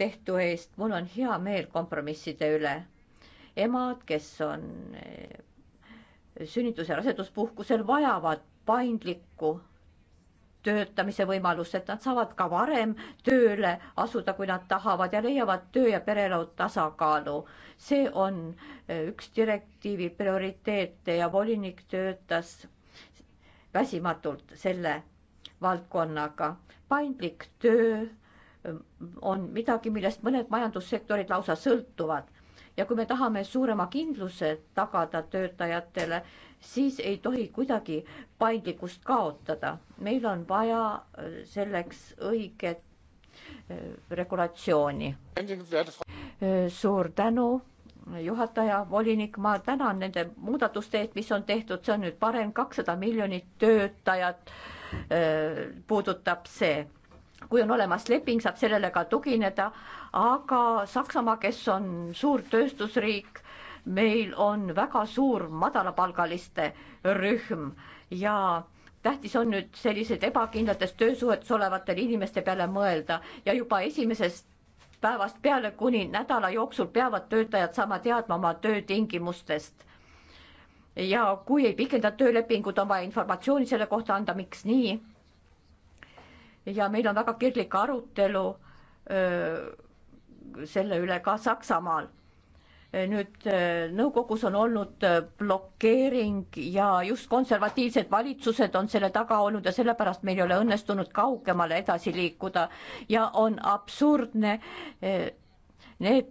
tehtu eest, mul on hea meel kompromisside üle. emad, kes on eh, sünnitus- ja raseduspuhkusel, vajavad paindlikku töötamise võimalust, et nad saavad ka varem tööle asuda, kui nad tahavad ja leiavad töö ja pereelu tasakaalu. see on eh, üks direktiivi prioriteete ja volinik töötas väsimatult selle valdkonnaga. paindlik töö on midagi, millest mõned majandussektorid lausa sõltuvad. ja kui me tahame suurema kindluse tagada töötajatele, siis ei tohi kuidagi paindlikkust kaotada. meil on vaja äh, selleks õiget äh, regulatsiooni. Äh, suur tänu, juhataja, volinik, ma tänan nende muudatuste eest, mis on tehtud, see on nüüd parem, kakssada miljonit töötajat puudutab see kui on olemas leping, saab sellele ka tugineda, aga Saksamaa, kes on suur tööstusriik, meil on väga suur madalapalgaliste rühm ja tähtis on nüüd sellised ebakindlates töösuhetes olevatele inimeste peale mõelda ja juba esimesest päevast peale kuni nädala jooksul peavad töötajad saama teadma oma töötingimustest. ja kui ei pikenda töölepingut, on vaja informatsiooni selle kohta anda, miks nii ja meil on väga kirglik arutelu öö, selle üle ka Saksamaal. nüüd nõukogus on olnud blokeering ja just konservatiivsed valitsused on selle taga olnud ja sellepärast meil ei ole õnnestunud kaugemale edasi liikuda ja on absurdne öö, need,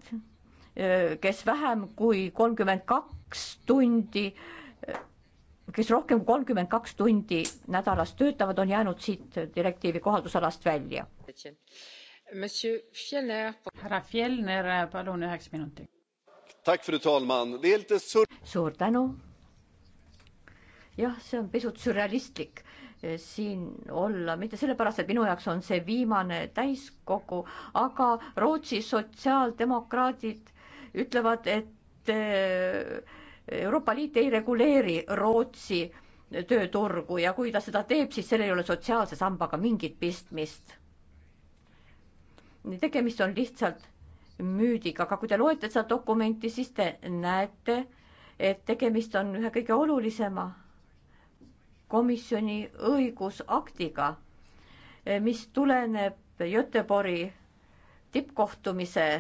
kes vähem kui kolmkümmend kaks tundi öö, kes rohkem kui kolmkümmend kaks tundi nädalas töötavad, on jäänud siit direktiivi kohaldusalast välja. härra Fjellner, palun üheks minutiks. suur tänu. jah, see on pisut sürrealistlik eh, siin olla, mitte sellepärast, et minu jaoks on see viimane täiskogu, aga Rootsi sotsiaaldemokraadid ütlevad, et eh, Euroopa Liit ei reguleeri Rootsi tööturgu ja kui ta seda teeb, siis sellel ei ole sotsiaalse sambaga mingit pistmist. tegemist on lihtsalt müüdiga, aga kui te loete seda dokumenti, siis te näete, et tegemist on ühe kõige olulisema komisjoni õigusaktiga, mis tuleneb Göteborgi tippkohtumise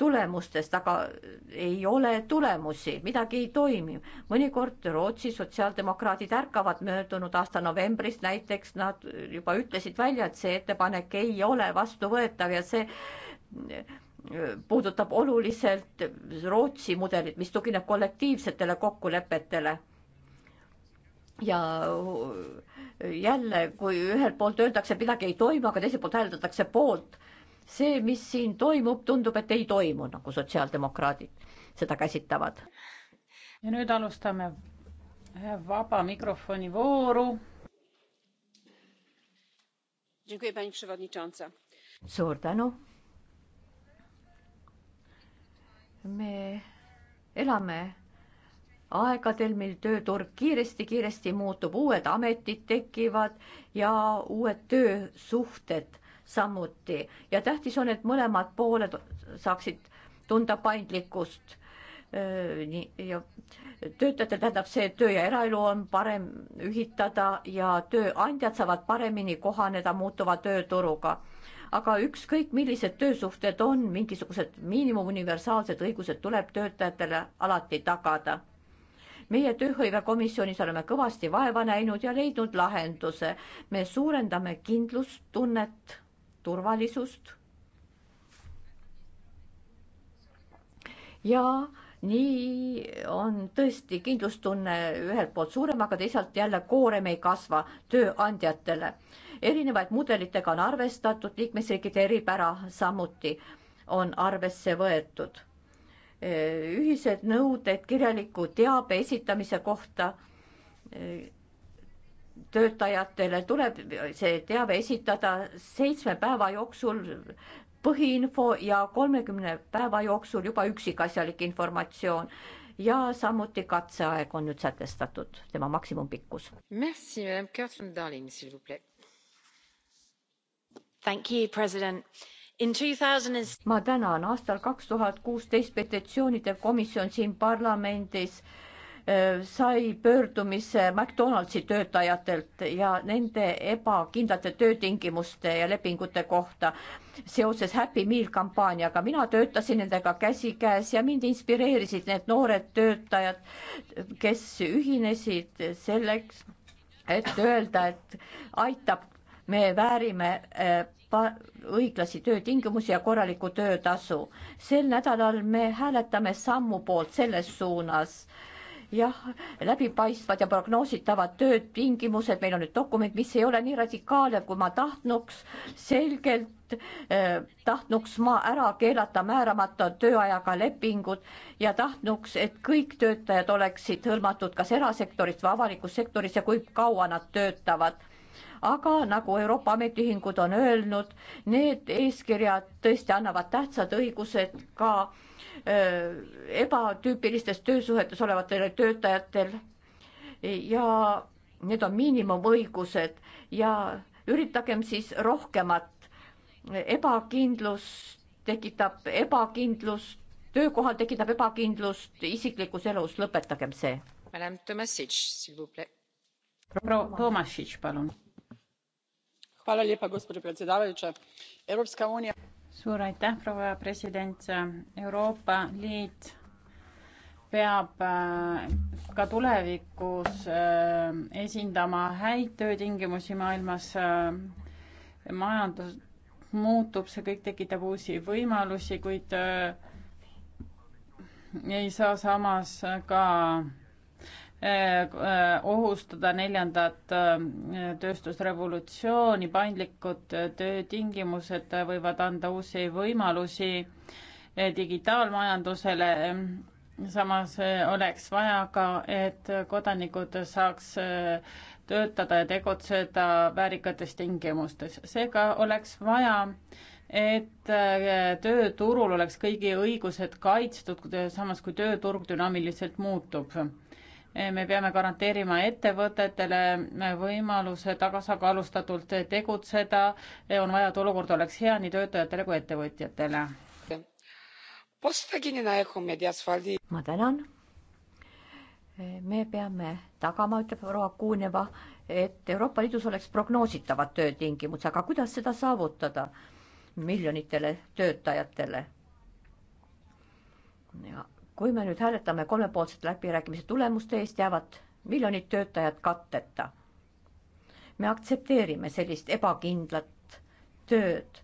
tulemustest, aga ei ole tulemusi, midagi ei toimi. mõnikord Rootsi sotsiaaldemokraadid ärkavad möödunud aasta novembris näiteks, nad juba ütlesid välja, et see ettepanek ei ole vastuvõetav ja see puudutab oluliselt Rootsi mudelit, mis tugineb kollektiivsetele kokkulepetele. ja jälle, kui ühelt poolt öeldakse, et midagi ei toimu, aga teiselt poolt hääldatakse poolt see, mis siin toimub, tundub, et ei toimu, nagu sotsiaaldemokraadid seda käsitavad. ja nüüd alustame vaba mikrofoni vooru. suur tänu. me elame aegadel, mil tööturg kiiresti-kiiresti muutub, uued ametid tekivad ja uued töösuhted samuti ja tähtis on, et mõlemad pooled saaksid tunda paindlikkust. nii ja töötajatel tähendab see, et töö ja eraelu on parem ühitada ja tööandjad saavad paremini kohaneda muutuva tööturuga. aga ükskõik, millised töösuhted on, mingisugused miinimum-universaalsed õigused tuleb töötajatele alati tagada meie tööhõivekomisjonis oleme kõvasti vaeva näinud ja leidnud lahenduse. me suurendame kindlustunnet turvalisust. ja nii on tõesti kindlustunne ühelt poolt suurem, aga teisalt jälle koorem ei kasva tööandjatele. erinevaid mudelitega on arvestatud, liikmesriikide eripära samuti on arvesse võetud. ühised nõuded kirjaliku teabe esitamise kohta töötajatele tuleb see teave esitada seitsme päeva jooksul põhiinfo ja kolmekümne päeva jooksul juba üksikasjalik informatsioon ja samuti katseaeg on nüüd sätestatud, tema maksimumpikkus. ma tänan, aastal kaks tuhat kuusteist petitsioonide komisjon siin parlamendis äh, sai pöördumise McDonaldsi töötajatelt ja nende ebakindlate töötingimuste ja lepingute kohta seoses Happy Meal kampaaniaga. mina töötasin nendega käsikäes ja mind inspireerisid need noored töötajad, kes ühinesid selleks, et öelda, et aitab, me väärime õiglasi töötingimusi ja korralikku töötasu. sel nädalal me hääletame sammu poolt selles suunas jah, läbipaistvad ja prognoositavad tööd, tingimused, meil on nüüd dokument, mis ei ole nii radikaalne, kui ma tahtnuks, selgelt eh, tahtnuks ma ära keelata määramata tööajaga lepingud ja tahtnuks, et kõik töötajad oleksid hõlmatud kas erasektorist või avalikus sektoris ja kui kaua nad töötavad aga nagu Euroopa Ametiühingud on öelnud, need eeskirjad tõesti annavad tähtsad õigused ka äh, Äh, ebatüüpilistes töösuhetes olevatel töötajatel ja need on miinimumõigused ja üritagem siis rohkemat. ebakindlus tekitab ebakindlust, töökohal tekitab ebakindlust isiklikus elus, lõpetagem see. proua Tomašič, palun. gospođo predsjedavajuća europska unija suur aitäh, proua president, Euroopa Liit peab äh, ka tulevikus äh, esindama häid töötingimusi maailmas. Äh, majandus muutub, see kõik tekitab uusi võimalusi, kuid ei saa samas ka Eh, eh, ohustada neljandat eh, tööstusrevolutsiooni, paindlikud töötingimused võivad anda uusi võimalusi digitaalmajandusele, samas oleks vaja ka, et kodanikud saaks töötada ja tegutseda väärikates tingimustes, seega oleks vaja et tööturul oleks kõigi õigused kaitstud, samas kui tööturg dünaamiliselt muutub me peame garanteerima ettevõtetele võimaluse tasakaalustatult tegutseda, on vaja, et olukord oleks hea nii töötajatele kui ettevõtjatele. ma tänan. me peame tagama, ütleb proua Kuuneva, et Euroopa Liidus oleks prognoositavad töötingimused, aga kuidas seda saavutada miljonitele töötajatele? kui me nüüd hääletame kolmepoolsete läbirääkimise tulemuste eest, jäävad miljonid töötajad katteta. me aktsepteerime sellist ebakindlat tööd.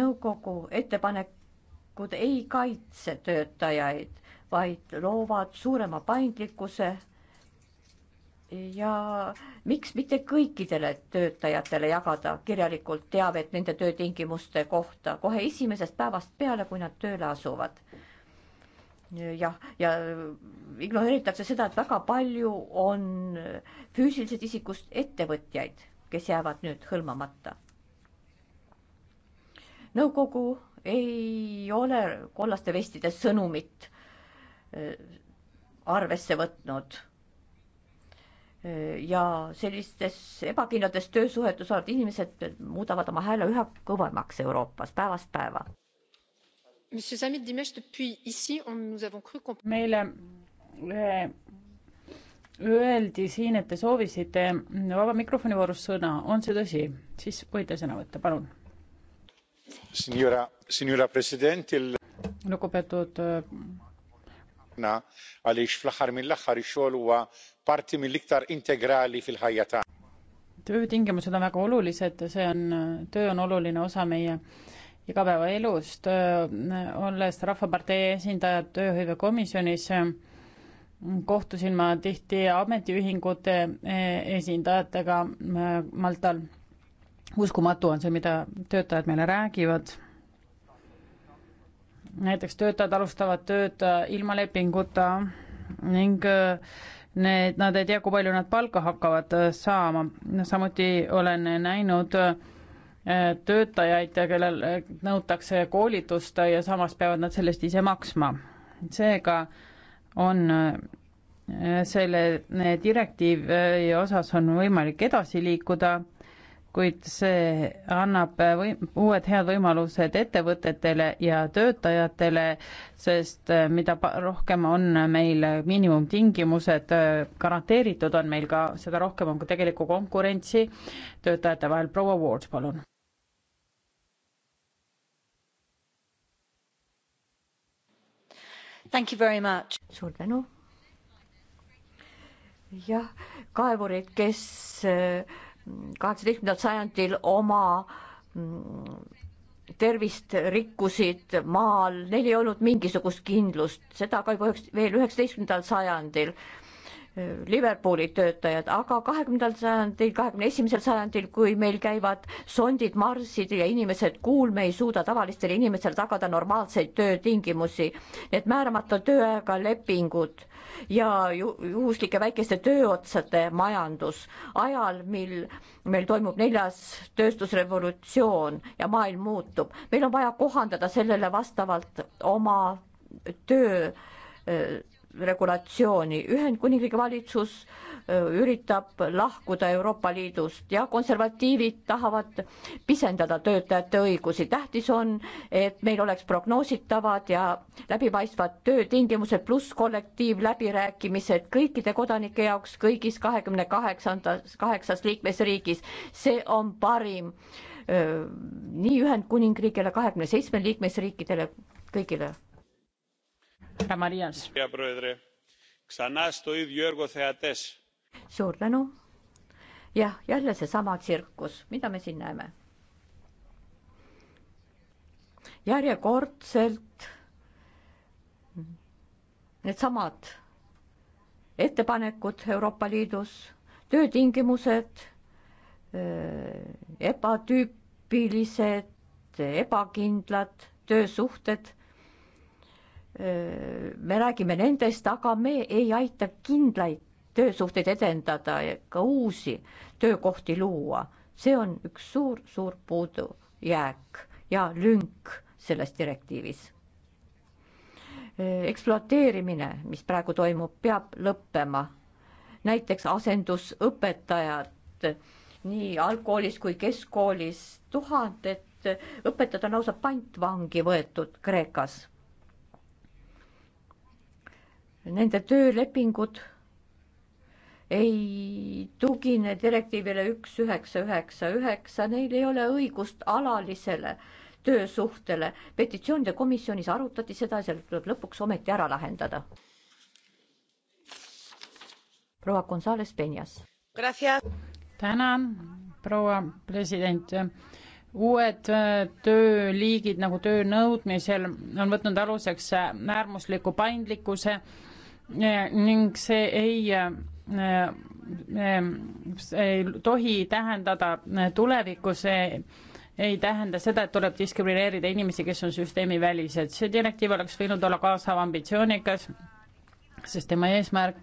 nõukogu ettepanekud ei kaitse töötajaid, vaid loovad suurema paindlikkuse ja miks mitte kõikidele töötajatele jagada kirjalikult teavet nende töötingimuste kohta kohe esimesest päevast peale, kui nad tööle asuvad jah, ja ignoreeritakse seda, et väga palju on füüsilisest isikust ettevõtjaid, kes jäävad nüüd hõlmamata. nõukogu ei ole kollaste vestide sõnumit äh, arvesse võtnud. Äh, ja sellistes ebakindlates töösuhetes olevad inimesed muudavad oma hääle üha kõvemaks Euroopas päevast päeva meile eh, öeldi siin, et te soovisite vaba mikrofoni voorus sõna, on see tõsi? siis võite sõna võtta, palun. lugupeetud għaliex eh, fl-aħħar mill-aħħar ix-xogħol huwa parti mill-iktar integrali fil-ħajja tagħna. töötingimused on väga olulised, see on, eh, töö on oluline osa meie igapäevaelust, olles Rahvapartei esindaja tööhõivekomisjonis, kohtusin ma tihti ametiühingute e, esindajatega Maltal. uskumatu on see, mida töötajad meile räägivad. näiteks töötajad alustavad tööd äh, ilma lepinguta ning need, nad ei tea, kui palju nad palka hakkavad äh, saama. samuti olen näinud äh, Äh, töötajaid, kellel äh, nõutakse koolitust ja samas peavad nad selle eest ise maksma. seega on äh, selle direktiivi osas on võimalik edasi liikuda, kuid see annab või, uued head võimalused ettevõtetele ja töötajatele, sest mida rohkem on meil miinimumtingimused garanteeritud, on meil ka, seda rohkem on ka tegelikku konkurentsi töötajate vahel. proua Ward, palun suur tänu. jah, kaevurid, kes eh, kaheksateistkümnendal sajandil oma mm, tervist rikkusid maal, neil ei olnud mingisugust kindlust, seda ka juba üheks, veel üheksateistkümnendal sajandil Liverpooli töötajad, aga kahekümnendal sajandil, kahekümne esimesel sajandil, kui meil käivad sondid Marsil ja inimesed kuul, me ei suuda tavalistele inimestele tagada normaalseid töötingimusi. Need määramata tööaega lepingud ja ju-, juhuslike väikeste tööotsade majandus ajal, mil meil toimub neljas tööstusrevolutsioon ja maailm muutub, meil on vaja kohandada sellele vastavalt oma töö öö, regulatsiooni. Ühendkuningriigi valitsus üritab lahkuda Euroopa Liidust ja konservatiivid tahavad pisendada töötajate õigusi. tähtis on, et meil oleks prognoositavad ja läbipaistvad töötingimused pluss kollektiivläbirääkimised kõikide kodanike jaoks kõigis kahekümne kaheksandas, kaheksas liikmesriigis. see on parim öö, nii Ühendkuningriigile, kahekümne seitsmele liikmesriikidele, kõigile härra Marias. suur tänu. jah, jälle seesama tsirkus, mida me siin näeme. järjekordselt needsamad ettepanekud Euroopa Liidus, töötingimused ebatüüpilised, ebakindlad töösuhted me räägime nendest, aga me ei aita kindlaid töösuhteid edendada ega uusi töökohti luua. see on üks suur-suur puudujääk ja lünk selles direktiivis. ekspluateerimine, mis praegu toimub, peab lõppema. näiteks asendusõpetajad nii algkoolis kui keskkoolis, tuhanded õpetajad on lausa pantvangi võetud Kreekas Nende töölepingud ei tugine direktiivile üks üheksa üheksa üheksa, neil ei ole õigust alalisele töösuhtele. petitsioonide komisjonis arutati seda ja see tuleb lõpuks ometi ära lahendada. proua Gonzales Penjas. tänan, proua president uued äh, tööliigid nagu töö nõudmisel on võtnud aluseks äh, äärmusliku paindlikkuse ning see ei see ei tohi tähendada tulevikus ei tähenda seda, et tuleb diskrimineerida inimesi, kes on süsteemivälised. see direktiiv oleks võinud olla kaasav, ambitsioonikas, sest tema eesmärk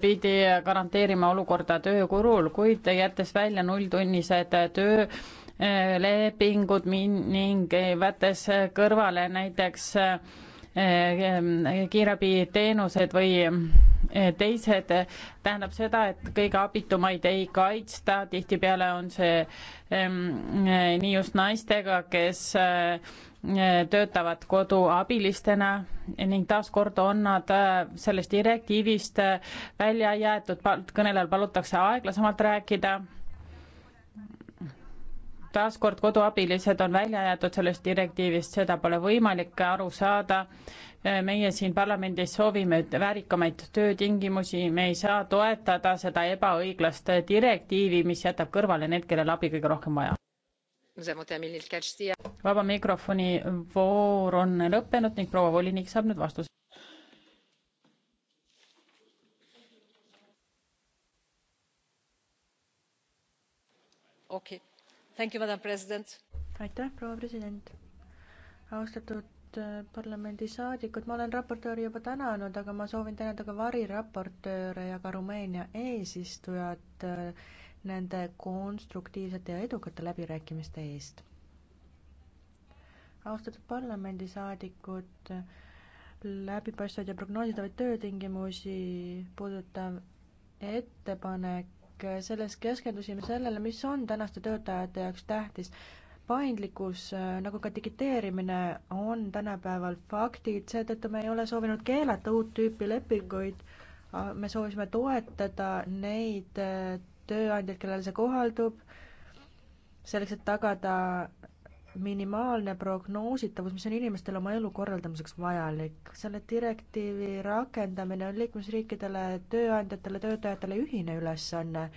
pidi garanteerima olukorda tööturul, kuid jättes välja nulltunnised töölepingud ning võttes kõrvale näiteks äh, Eh, kiirabiteenused või eh, teised, tähendab seda, et kõige abitumaid ei kaitsta, tihtipeale on see ehm, eh, nii just naistega, kes töötavad koduabilistena ning taaskord on nad sellest direktiivist välja jäetud, kõnelejal palutakse aeglasemalt rääkida taaskord koduabilised on välja jäetud sellest direktiivist, seda pole võimalik aru saada. meie siin parlamendis soovime väärikamaid töötingimusi, me ei saa toetada seda ebaõiglast direktiivi, mis jätab kõrvale need, kellel abi kõige rohkem vaja. vaba mikrofoni voor on lõppenud ning proua volinik saab nüüd vastuse. okei okay aitäh, proua president. austatud äh, parlamendisaadikud, ma olen raportööri juba tänanud, aga ma soovin tänada ka variraportööre ja ka Rumeenia eesistujat äh, nende konstruktiivsete ja edukate läbirääkimiste eest. austatud parlamendisaadikud, läbipaistvaid ja prognoositavaid töötingimusi puudutav ettepanek ning selles keskendusime sellele, mis on tänaste töötajate jaoks tähtis. paindlikkus nagu ka digiteerimine on tänapäeval faktid, seetõttu me ei ole soovinud keelata uut tüüpi lepinguid, me soovisime toetada neid äh, tööandjaid, kellele see kohaldub, selleks, et tagada minimaalne prognoositavus, mis on inimestel oma elu korraldamiseks vajalik. selle direktiivi rakendamine on liikmesriikidele, tööandjatele, töötajatele ühine ülesanne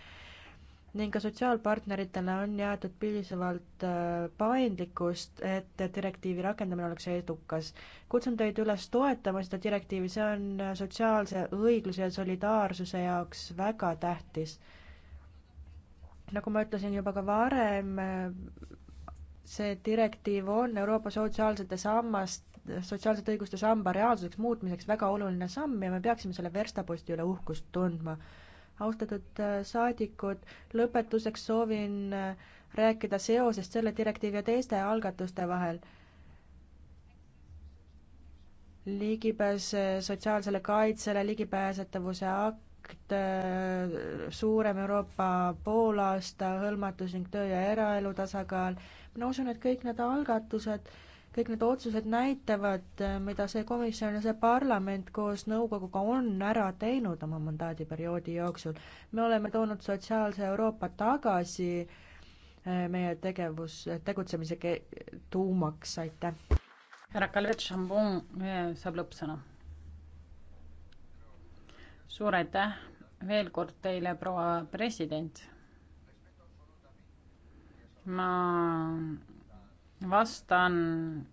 ning ka sotsiaalpartneritele on jäetud piisavalt äh, paindlikkust, et direktiivi rakendamine oleks edukas. kutsun teid üles toetama seda direktiivi, see on sotsiaalse õigluse ja solidaarsuse jaoks väga tähtis. nagu ma ütlesin juba ka varem, see direktiiv on Euroopa sotsiaalsete sammast, sotsiaalsete õiguste samba reaalsuseks muutmiseks väga oluline samm ja me peaksime selle verstaposti üle uhkust tundma. austatud äh, saadikud, lõpetuseks soovin äh, rääkida seosest selle direktiivi ja teiste algatuste vahel. ligipääs äh, sotsiaalsele kaitsele, ligipääsetavuse akt, suurem Euroopa poolaasta hõlmatus ning töö ja eraelu tasakaal ma usun, et kõik need algatused, kõik need otsused näitavad, eh, mida see komisjon ja see parlament koos nõukoguga on ära teinud oma mandaadiperioodi jooksul. me oleme toonud sotsiaalse Euroopa tagasi eh, meie tegevus, tegutsemise ke-, tuumaks, aitäh. härra Kalvet Šambon eh, saab lõppsõna. suur aitäh veel kord teile, proua president ma vastan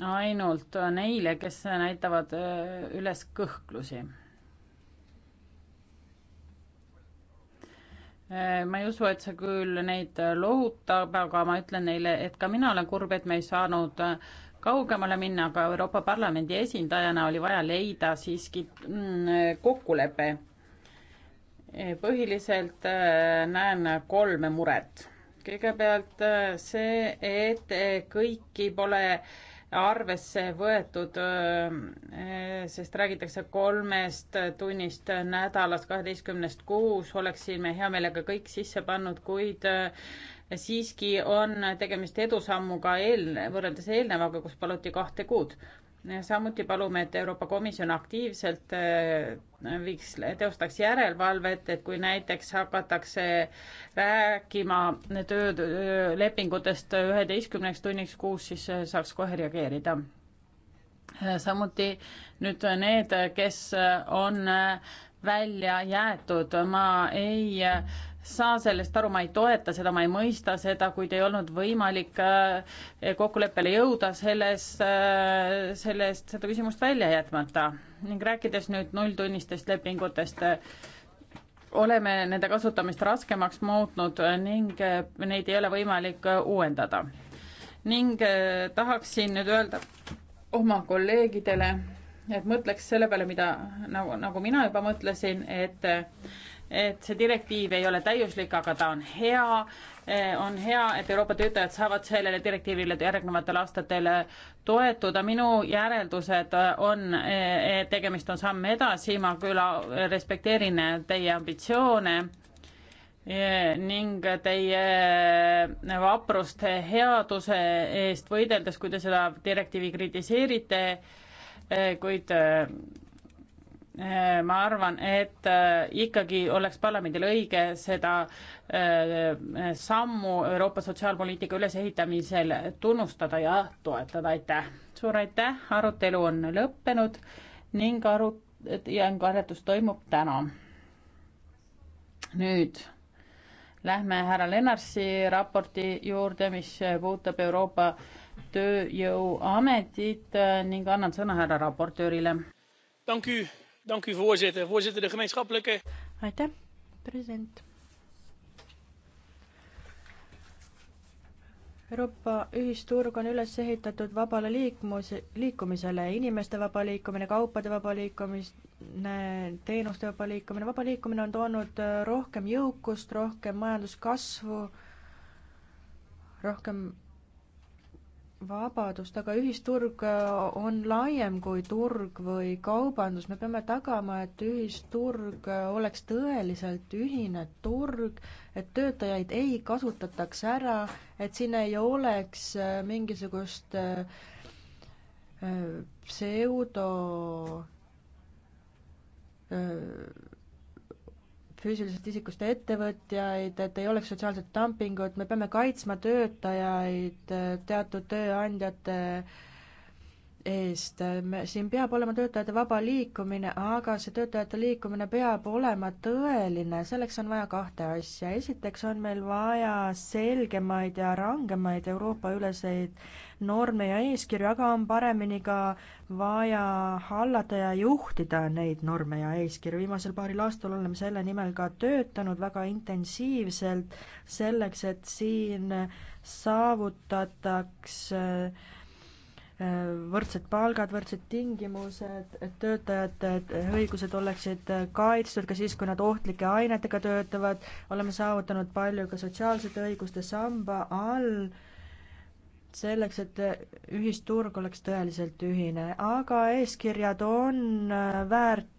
ainult neile, kes näitavad äh, üles kõhklusi. Äh, ma ei usu, et see küll neid lohutab, aga ma ütlen neile, et ka mina olen kurb, et me ei saanud äh, kaugemale minna, aga Euroopa Parlamendi esindajana oli vaja leida siiski mm, kokkulepe. põhiliselt näen kolme muret kõigepealt äh, see, et äh, kõiki pole arvesse võetud, äh, sest räägitakse kolmest tunnist nädalas, kaheteistkümnest kuus, oleksime hea meelega kõik sisse pannud, kuid siiski on tegemist edusammuga eel-, võrreldes eelnevaga, kus paluti kahte kuud samuti palume, et Euroopa Komisjon aktiivselt äh, viiks, teostaks järelevalvet, et kui näiteks hakatakse rääkima töölepingutest äh, üheteistkümneks tunniks kuus, siis äh, saaks kohe reageerida. samuti nüüd need, kes on välja jäetud, ma ei äh, saa sellest aru, ma ei toeta seda, ma ei mõista seda, kuid ei olnud võimalik äh, kokkuleppele jõuda selles, äh, sellest, seda küsimust välja jätmata. ning rääkides nüüd nulltunnistest lepingutest, oleme nende kasutamist raskemaks muutnud ning äh, neid ei ole võimalik uuendada. ning tahaksin nüüd öelda oma kolleegidele, et mõtleks selle peale, mida nagu, nagu mina juba mõtlesin, et et see direktiiv ei ole täiuslik, aga ta on hea. Eh, on hea, et Euroopa töötajad saavad sellele direktiivile järgnevatel aastatel toetuda. minu järeldused on, eh, et tegemist on samm edasi, ma küll respekteerin teie ambitsioone eh, ning teie vaprust headuse eest võideldes, kui te seda direktiivi kritiseerite, kuid Äh, ma arvan, et äh, ikkagi oleks parlamendil õige seda äh, sammu Euroopa sotsiaalpoliitika ülesehitamisel tunnustada ja toetada, aitäh. suur aitäh, arutelu on lõppenud ning aru- ja hääletus toimub täna. nüüd lähme härra Lennartsi raporti juurde, mis puudutab Euroopa Tööjõuametit ning annan sõna härra raportöörile. tänan voorzitter de gemeenschappelijke. aitäh president! euroopa ühisturg on üles ehitatud vabale liikmus- liikumisele inimeste vaba liikumine kaupade vaba liikumine teenuste vaba liikumine vaba liikumine on toonud äh, rohkem jõukust rohkem majanduskasvu rohkem vabadust, aga ühisturg äh, on laiem kui turg või kaubandus, me peame tagama, et ühisturg äh, oleks tõeliselt ühine turg, et töötajaid ei kasutataks ära, et siin ei oleks äh, mingisugust pseudo füüsilisest isikust ettevõtjaid, et ei oleks sotsiaalset dumpingut, me peame kaitsma töötajaid teatud tööandjate äh, eest. siin peab olema töötajate vaba liikumine, aga see töötajate liikumine peab olema tõeline, selleks on vaja kahte asja. esiteks on meil vaja selgemaid ja rangemaid Euroopa-üleseid norme ja eeskirju, aga on paremini ka vaja hallata ja juhtida neid norme ja eeskirju. viimasel paaril aastal oleme selle nimel ka töötanud väga intensiivselt, selleks et siin saavutataks äh, Äh, võrdsed palgad, võrdsed tingimused, et töötajate õigused oleksid äh, kaitstud ka siis, kui nad ohtlike ainetega töötavad, oleme saavutanud palju ka sotsiaalsete õiguste samba all, selleks, et äh, ühisturg oleks tõeliselt ühine, aga eeskirjad on väärt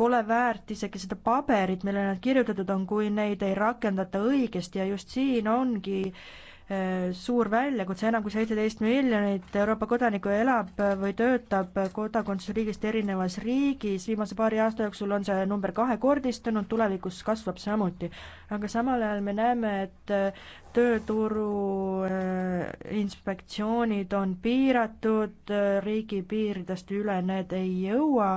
pole väärt isegi seda paberit, millele nad kirjutatud on, kui neid ei rakendata õigesti ja just siin ongi äh, Äh, suur väljakutse, enam kui seitseteist miljonit Euroopa kodanikku elab või töötab kodakondsusriigist erinevas riigis, viimase paari aasta jooksul on see number kahekordistunud, tulevikus kasvab samuti. aga samal ajal me näeme, et äh, tööturu äh, inspektsioonid on piiratud, riigipiiridest üle need ei jõua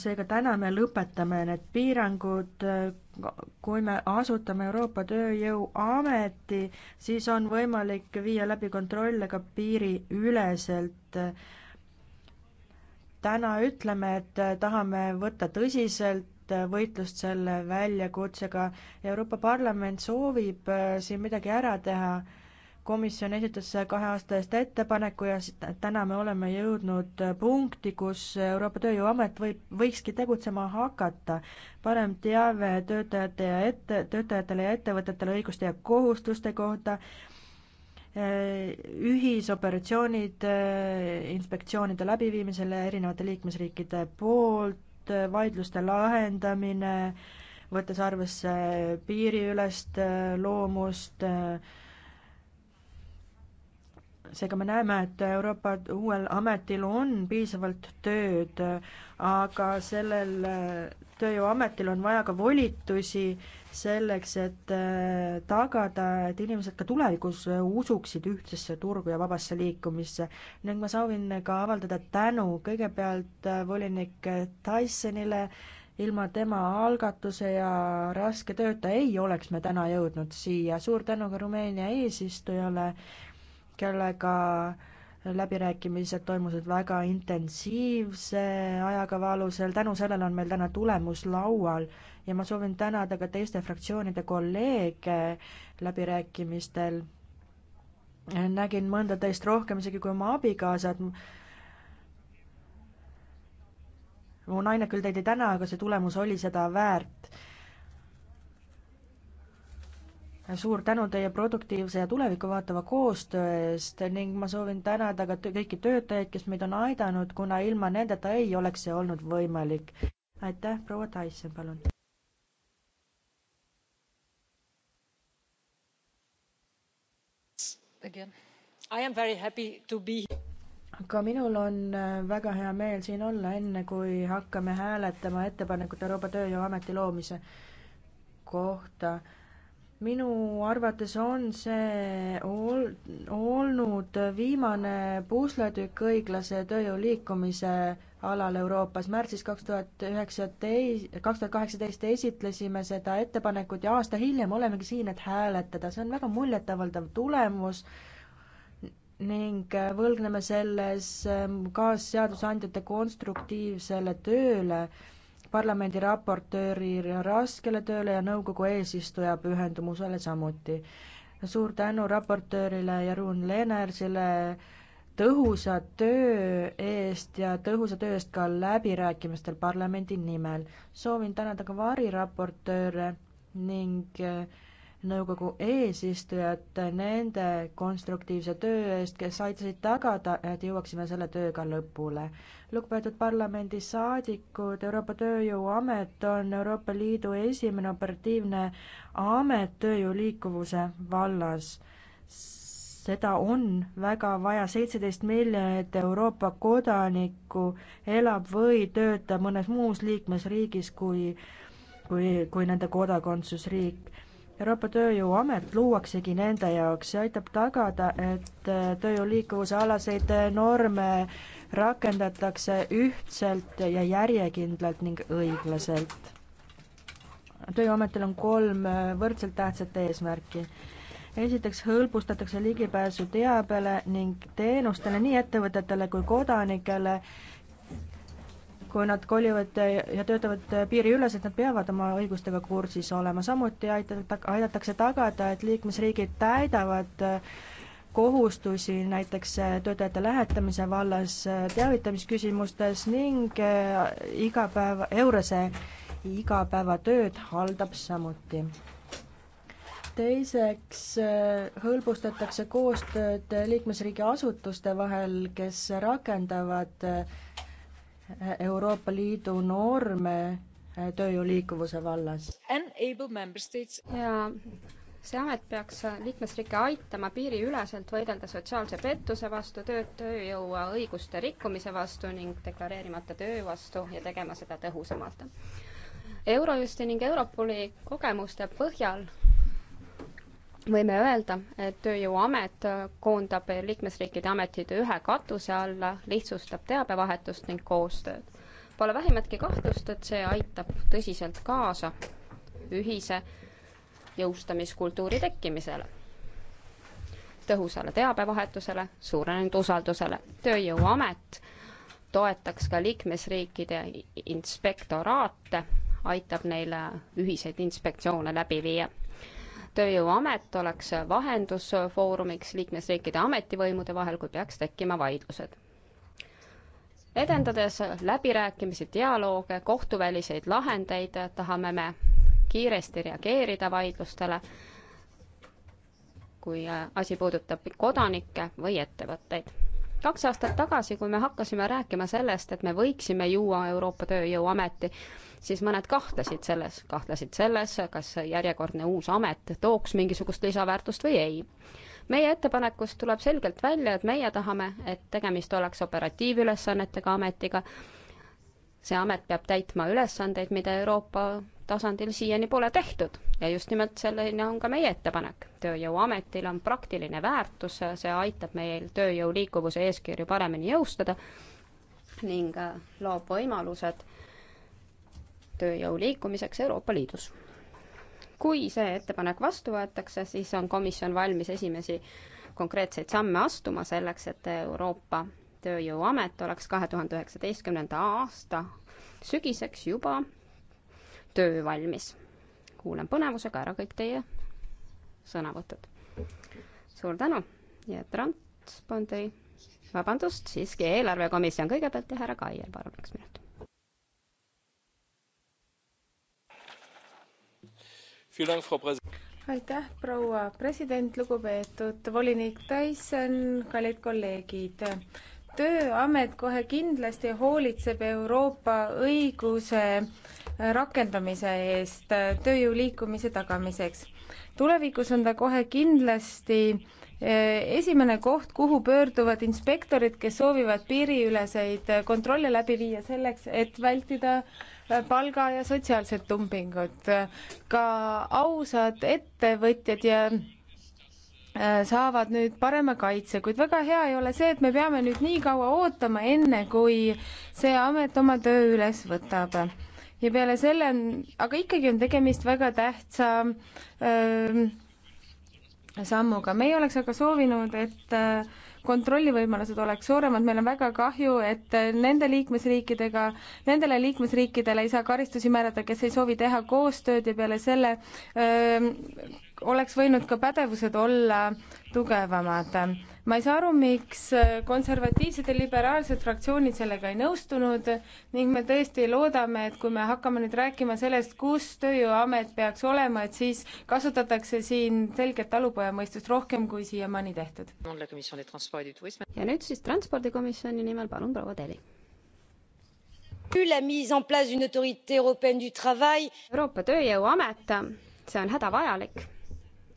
seega täna me lõpetame need piirangud, kui me asutame Euroopa Tööjõuameti, siis on võimalik viia läbi kontrolle ka piiriüleselt. täna ütleme, et tahame võtta tõsiselt võitlust selle väljakutsega. Euroopa Parlament soovib äh, siin midagi ära teha komisjon esitas kahe aasta eest ettepaneku ja täna me oleme jõudnud punkti, kus Euroopa Tööjõuamet võib, võikski tegutsema hakata. parem teave töötajate ja ette, töötajatele ja ettevõtetele õiguste ja kohustuste kohta, äh, ühisoperatsioonid äh, inspektsioonide läbiviimisele erinevate liikmesriikide poolt, äh, vaidluste lahendamine, võttes arvesse piiriülest loomust, seega me näeme, et Euroopa uuel ametil on piisavalt tööd, aga sellel tööjõuametil on vaja ka volitusi selleks, et äh, tagada, et inimesed ka tulevikus usuksid ühtsesse turgu ja vabasse liikumisse. ning ma soovin ka avaldada tänu kõigepealt äh, volinik Tysonile, ilma tema algatuse ja raske tööta ei oleks me täna jõudnud siia. suur tänu ka Rumeenia eesistujale kellega läbirääkimised toimusid väga intensiivse ajakava alusel, tänu sellele on meil täna tulemus laual ja ma soovin tänada ka teiste fraktsioonide kolleege läbirääkimistel. nägin mõnda teist rohkem isegi kui oma abikaasad. mu naine küll teid ei täna, aga see tulemus oli seda väärt suur tänu teie produktiivse ja tulevikku vaatava koostöö eest ning ma soovin tänada ka kõiki töötajaid, kes meid on aidanud, kuna ilma nendeta ei oleks see olnud võimalik. aitäh, proua Tyson, palun. ka minul on äh, väga hea meel siin olla, enne kui hakkame hääletama ettepanekut Euroopa Tööjõuameti loomise kohta minu arvates on see ol-, olnud viimane pusletükk õiglase tööjõu liikumise alal Euroopas. märtsis kaks tuhat üheksateist, kaks tuhat kaheksateist esitlesime seda ettepanekut ja aasta hiljem olemegi siin, et hääletada. see on väga muljetavaldav tulemus ning võlgneme selles ähm, kaasseadusandjate konstruktiivsele tööle parlamendi raportööri raskele tööle ja nõukogu eesistuja pühendumusele samuti. suur tänu raportöörile Jeroen Lenersile tõhusa töö eest ja tõhusa töö eest ka läbirääkimistel parlamendi nimel. soovin tänada ka variraportööre ning eh, nõukogu eesistujat nende konstruktiivse töö eest, kes aitasid tagada, et jõuaksime selle tööga lõpule. lugupeetud parlamendisaadikud, Euroopa Tööjõuamet on Euroopa Liidu esimene operatiivne amet tööjõu liikuvuse vallas seda on väga vaja, seitseteist miljonit Euroopa kodanikku elab või töötab mõnes muus liikmesriigis kui, kui, kui nende kodakondsusriik Euroopa Tööjõuamet luuaksegi nende jaoks, see aitab tagada, et äh, tööjõu liikuvuse alaseid äh, norme rakendatakse ühtselt ja järjekindlalt ning õiglaselt. tööjõuametil on kolm äh, võrdselt tähtsat eesmärki. esiteks hõlbustatakse ligipääsu teabele ning teenustele nii ettevõtetele kui kodanikele kui nad kolivad ja töötavad piiriüleselt, nad peavad oma õigustega kursis olema, samuti aidata, aidatakse tagada, et liikmesriigid täidavad äh, kohustusi näiteks äh, töötajate lähetamise vallas äh, teavitamisküsimustes ning igapäeva, Eurose igapäevatööd haldab samuti teiseks hõlbustatakse koostööd liikmesriigi asutuste vahel, kes rakendavad Euroopa Liidu norme eh, tööjõu liikuvuse vallas. ja see amet peaks liikmesriike aitama piiriüleselt võidelda sotsiaalse pettuse vastu, tööd tööjõu õiguste rikkumise vastu ning deklareerimata töö vastu ja tegema seda tõhusamalt. Eurojusti ning Europoli kogemuste põhjal võime öelda, et Tööjõuamet koondab liikmesriikide ametid ühe katuse alla, lihtsustab teabevahetust ning koostööd. Pole vähimatki kahtlust, et see aitab tõsiselt kaasa ühise jõustamiskultuuri tekkimisele, tõhusale teabevahetusele, suurenenud usaldusele. tööjõuamet toetaks ka liikmesriikide inspektoraate, aitab neile ühiseid inspektsioone läbi viia tööjõuamet oleks vahendusfoorumiks liikmesriikide ametivõimude vahel, kui peaks tekkima vaidlused. edendades läbirääkimisi, dialoog, kohtuväliseid lahendeid, tahame me kiiresti reageerida vaidlustele, kui asi puudutab kodanikke või ettevõtteid kaks aastat tagasi, kui me hakkasime rääkima sellest, et me võiksime juua Euroopa Tööjõuameti, siis mõned kahtlesid selles, kahtlesid selles, kas järjekordne uus amet tooks mingisugust lisaväärtust või ei. meie ettepanekust tuleb selgelt välja, et meie tahame, et tegemist oleks operatiivülesannetega ametiga, see amet peab täitma ülesandeid, mida Euroopa tasandil siiani pole tehtud ja just nimelt selline on ka meie ettepanek. tööjõuametil on praktiline väärtus, see aitab meil tööjõu liikuvuse eeskirju paremini jõustada ning loob võimalused äh, tööjõu liikumiseks Euroopa Liidus. kui see ettepanek vastu võetakse, siis on komisjon valmis esimesi konkreetseid samme astuma selleks, et Euroopa Tööjõuamet oleks kahe tuhande üheksateistkümnenda aasta sügiseks juba töövalmis. kuulan põnevusega ära kõik teie sõnavõtud. suur tänu ja transpordi, vabandust, siiski eelarvekomisjon kõigepealt ja härra Kaier, palun, üks minut. aitäh, proua president, lugupeetud volinik Tyson, kallid kolleegid. tööamet kohe kindlasti hoolitseb Euroopa õiguse rakendamise eest tööjõu liikumise tagamiseks. tulevikus on ta kohe kindlasti e, esimene koht, kuhu pöörduvad inspektorid, kes soovivad piiriüleseid kontrolle läbi viia selleks, et vältida palga ja sotsiaalset dumpingut. ka ausad ettevõtjad ja äh, saavad nüüd parema kaitse, kuid väga hea ei ole see, et me peame nüüd nii kaua ootama, enne kui see amet oma töö üles võtab. ja peale selle on, aga ikkagi on tegemist väga tähtsa öö, äh, sammuga, meie oleks aga soovinud, et öö, äh, kontrollivõimalused oleks suuremad, meil on väga kahju, et nende liikmesriikidega, nendele liikmesriikidele ei saa karistusi määrata, kes ei soovi teha koostööd ja peale selle öö, oleks võinud ka pädevused olla tugevamad ma ei saa aru, miks äh, konservatiivsed ja liberaalsed fraktsioonid sellega ei nõustunud ning me tõesti loodame, et kui me hakkame nüüd rääkima sellest, kus Tööjõuamet peaks olema, et siis kasutatakse siin selget talupojamõistust rohkem kui siiamaani tehtud. ja nüüd siis transpordikomisjoni nimel palun, proua Teli. Euroopa Tööjõuamet, see on hädavajalik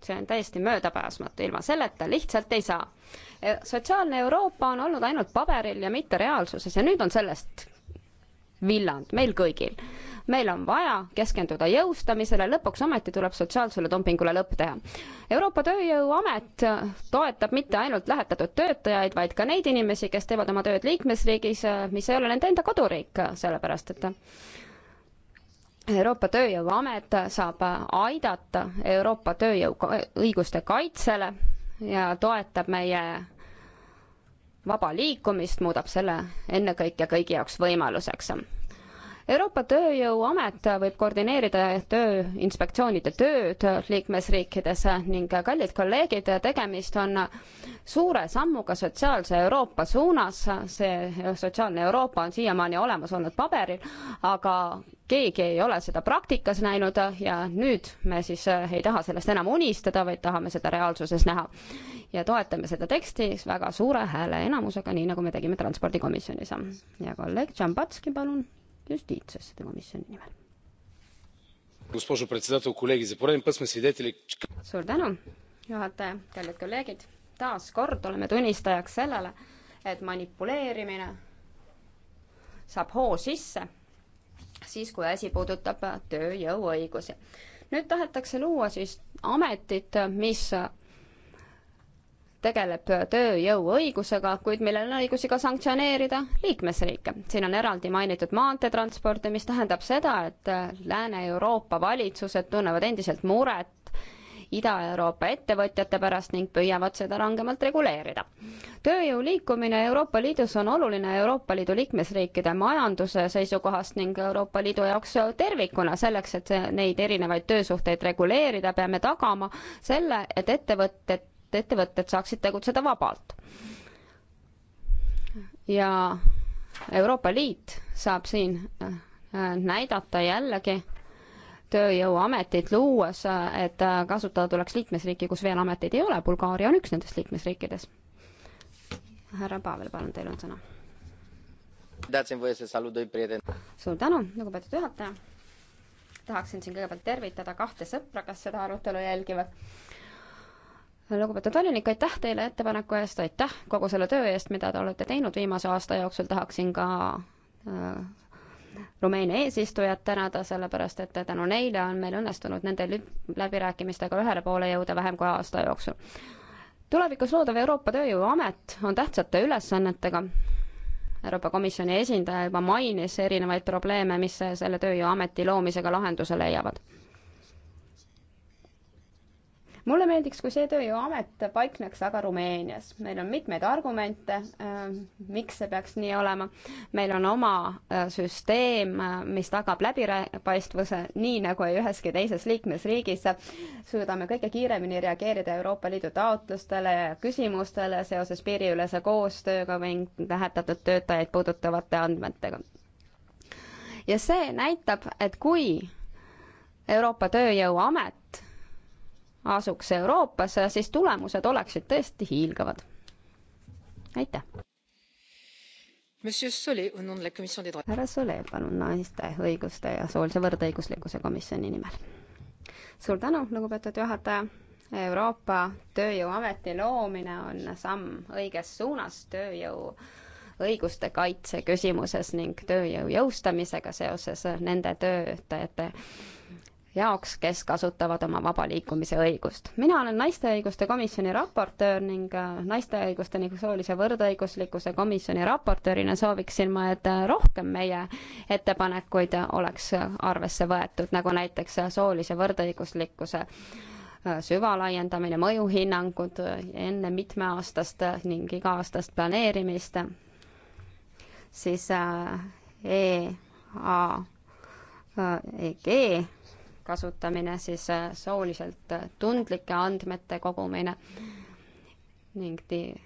see on täiesti möödapääsmatu, ilma selleta lihtsalt ei saa. E, sotsiaalne Euroopa on olnud ainult paberil ja mitte reaalsuses ja nüüd on sellest villand meil kõigil. meil on vaja keskenduda jõustamisele, lõpuks ometi tuleb sotsiaalsele dumpingule lõpp teha. Euroopa Tööjõuamet toetab mitte ainult lähetatud töötajaid, vaid ka neid inimesi, kes teevad oma tööd liikmesriigis, mis ei ole nende enda koduriik, sellepärast et Euroopa Tööjõuamet saab aidata Euroopa tööjõu õiguste kaitsele ja toetab meie vaba liikumist, muudab selle ennekõike kõigi jaoks võimaluseks. Euroopa Tööjõuamet võib koordineerida tööinspektsioonide tööd liikmesriikides ning kallid kolleegid, tegemist on suure sammuga sotsiaalse Euroopa suunas, see sotsiaalne Euroopa on siiamaani olemas olnud paberil, aga keegi ei ole seda praktikas näinud ja nüüd me siis ei taha sellest enam unistada, vaid tahame seda reaalsuses näha. ja toetame seda teksti väga suure hääle enamusega, nii nagu me tegime transpordikomisjonis. ja kolleeg Džambatski, palun justiitsasjade komisjoni nimel. suur tänu, juhataja, kallid kolleegid. taas kord oleme tunnistajaks sellele, et manipuleerimine saab hoo sisse siis, kui asi puudutab tööjõuõigusi. nüüd tahetakse luua siis ametit, mis tegeleb tööjõuõigusega, kuid millel on õigusi ka sanktsioneerida liikmesriike. siin on eraldi mainitud maanteetransporti, mis tähendab seda, et Lääne-Euroopa valitsused tunnevad endiselt muret Ida-Euroopa ettevõtjate pärast ning püüavad seda rangemalt reguleerida. tööjõu liikumine Euroopa Liidus on oluline Euroopa Liidu liikmesriikide majanduse seisukohast ning Euroopa Liidu jaoks tervikuna. selleks, et neid erinevaid töösuhteid reguleerida, peame tagama selle, et ettevõtted et ettevõtted saaksid tegutseda vabalt. ja Euroopa Liit saab siin äh, näidata jällegi tööjõuametit luues, äh, et äh, kasutada tuleks liikmesriiki, kus veel ameteid ei ole, Bulgaaria on üks nendest liikmesriikides. härra Pavel, palun, teil on sõna. suur tänu, lugupeetud juhataja tahaksin siin kõigepealt tervitada kahte sõpra, kes seda arutelu jälgivad lugupeetud volinik, aitäh teile ettepaneku eest, aitäh kogu selle töö eest, mida te olete teinud viimase aasta jooksul, tahaksin ka äh, Rumeenia eesistujat tänada, sellepärast et tänu neile on meil õnnestunud nende läbirääkimistega ühele poole jõuda vähem kui aasta jooksul. tulevikus loodav Euroopa Tööjõuamet on tähtsate ülesannetega. Euroopa Komisjoni esindaja juba mainis erinevaid probleeme, mis selle Tööjõuameti loomisega lahenduse leiavad mulle meeldiks, kui see tööjõuamet paikneks aga Rumeenias. meil on mitmeid argumente, äh, miks see peaks nii olema. meil on oma äh, süsteem, äh, mis tagab läbipaistvuse, nii nagu ei üheski teises liikmesriigis. suudame kõige kiiremini reageerida Euroopa Liidu taotlustele ja küsimustele seoses piiriülese koostööga ning lähetatud töötajaid puudutavate andmetega. ja see näitab, et kui Euroopa Tööjõuamet asuks Euroopas, siis tulemused oleksid tõesti hiilgavad. aitäh! härra Solé, palun naiste õiguste ja soolise võrdõiguslikkuse komisjoni nimel. suur tänu, lugupeetud juhataja! Euroopa Tööjõuameti loomine on samm õiges suunas tööjõu õiguste kaitse küsimuses ning tööjõu jõustamisega seoses nende töötajate jaoks, kes kasutavad oma vaba liikumise õigust. mina olen naiste õiguste komisjoni raportöör ning äh, naiste õiguste ning nagu soolise võrdõiguslikkuse komisjoni raportöörina sooviksin ma, et äh, rohkem meie ettepanekuid oleks arvesse võetud, nagu näiteks äh, soolise võrdõiguslikkuse süvalaiendamine, mõjuhinnangud enne mitmeaastast ning iga-aastast planeerimist, siis EAEG kasutamine, siis äh, sooliselt äh, tundlike andmete kogumine ning nii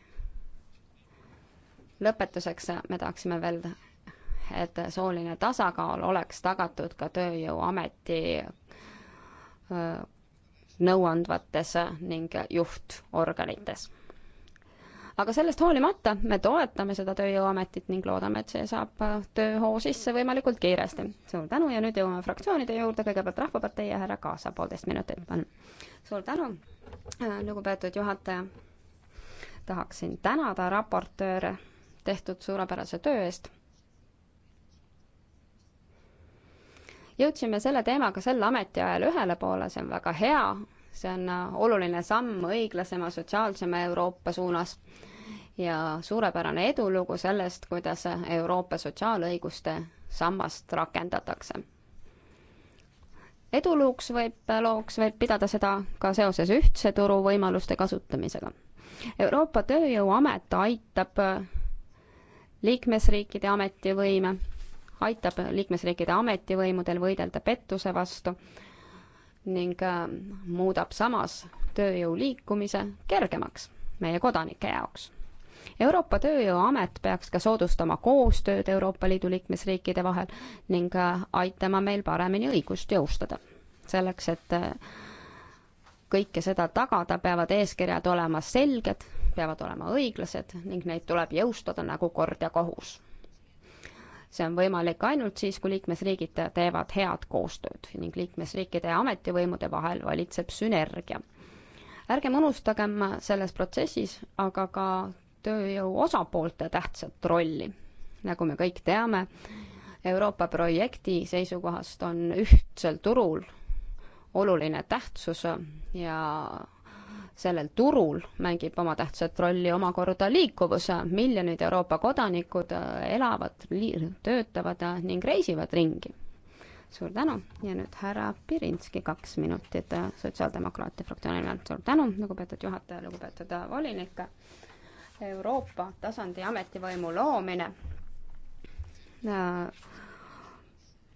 lõpetuseks äh, me tahaksime veel, et sooline tasakaal oleks tagatud ka Tööjõuameti nõuandvates ning juhtorganites aga sellest hoolimata me toetame seda Tööjõuametit ning loodame, et see saab äh, tööhoo sisse võimalikult kiiresti. suur tänu ja nüüd jõuame fraktsioonide juurde, kõigepealt Rahvapartei ja härra Kaasa, poolteist minutit, palun. suur tänu, äh, lugupeetud juhataja. tahaksin tänada raportööre tehtud suurepärase töö eest jõudsime selle teemaga sel ametiajal ühele poole, see on väga hea, see on äh, oluline samm õiglasema, sotsiaalsema Euroopa suunas ja suurepärane edulugu sellest, kuidas Euroopa sotsiaalõiguste sammast rakendatakse. eduluuks võib, looks võib pidada seda ka seoses ühtse turu võimaluste kasutamisega. Euroopa Tööjõuamet aitab liikmesriikide ametivõime, aitab liikmesriikide ametivõimudel võidelda pettuse vastu ning äh, muudab samas tööjõu liikumise kergemaks meie kodanike jaoks. Euroopa Tööjõuamet peaks ka soodustama koostööd Euroopa Liidu liikmesriikide vahel ning äh, aitama meil paremini õigust jõustada. selleks, et äh, kõike seda tagada, peavad eeskirjad olema selged, peavad olema õiglased ning neid tuleb jõustada nagu kord ja kohus see on võimalik ainult siis, kui liikmesriigid teevad head koostööd ning liikmesriikide ja ametivõimude vahel valitseb sünergia. ärgem unustagem selles protsessis aga ka tööjõu osapoolte tähtsat rolli. nagu me kõik teame, Euroopa projekti seisukohast on ühtsel turul oluline tähtsus ja sellel turul mängib oma tähtsat rolli omakorda liikuvus. miljonid Euroopa kodanikud äh, elavad, töötavad äh, ning reisivad ringi. suur tänu ja nüüd härra Pirinski, kaks minutit äh, Sotsiaaldemokraatia fraktsiooni nimel. suur tänu, lugupeetud juhataja, lugupeetud volinik. Euroopa tasandi ametivõimu loomine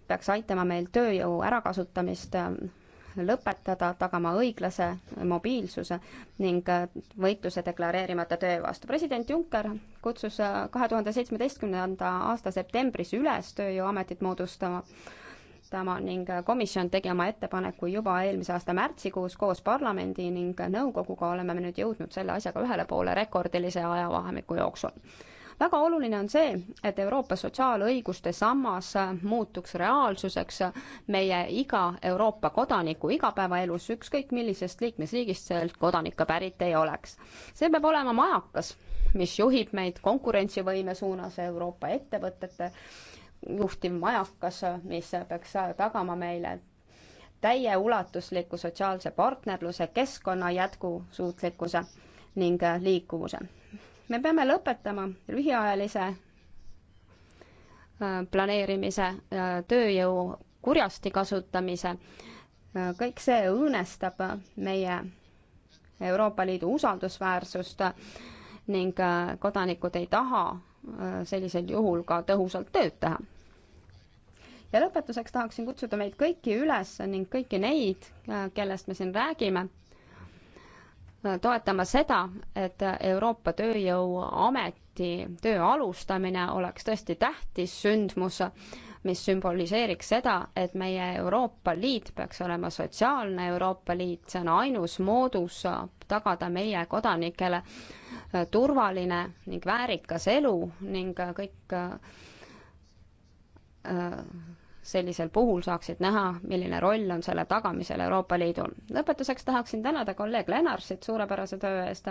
peaks aitama meil tööjõu ärakasutamist lõpetada, tagama õiglase mobiilsuse ning võitluse deklareerimata töö vastu. president Juncker kutsus kahe tuhande seitsmeteistkümnenda aasta septembris üles Tööjõuametit moodustama arutama ning komisjon tegi oma ettepaneku juba eelmise aasta märtsikuus koos parlamendi ning nõukoguga oleme me nüüd jõudnud selle asjaga ühele poole rekordilise ajavahemiku jooksul väga oluline on see, et Euroopa sotsiaalõiguste sammas muutuks reaalsuseks meie iga Euroopa kodaniku igapäevaelus, ükskõik millisest liikmesriigist see kodanik ka pärit ei oleks. see peab olema majakas, mis juhib meid konkurentsivõime suunas Euroopa ettevõtete juhtiv majakas, mis peaks tagama meile täieulatusliku sotsiaalse partnerluse, keskkonna jätkusuutlikkuse ning liikuvuse me peame lõpetama lühiajalise äh, planeerimise, äh, tööjõu kurjasti kasutamise, äh, kõik see õõnestab meie Euroopa Liidu usaldusväärsust ning kodanikud ei taha sellisel juhul ka tõhusalt tööd teha. ja lõpetuseks tahaksin kutsuda meid kõiki üles ning kõiki neid, kellest me siin räägime, toetama seda, et Euroopa Tööjõuameti töö alustamine oleks tõesti tähtis sündmus, mis sümboliseeriks seda, et meie Euroopa Liit peaks olema sotsiaalne Euroopa Liit, see on ainus moodus tagada meie kodanikele turvaline ning väärikas elu ning kõik äh, sellisel puhul saaksid näha, milline roll on selle tagamisel Euroopa Liidul. lõpetuseks tahaksin tänada kolleeg Lennartsit suurepärase töö eest,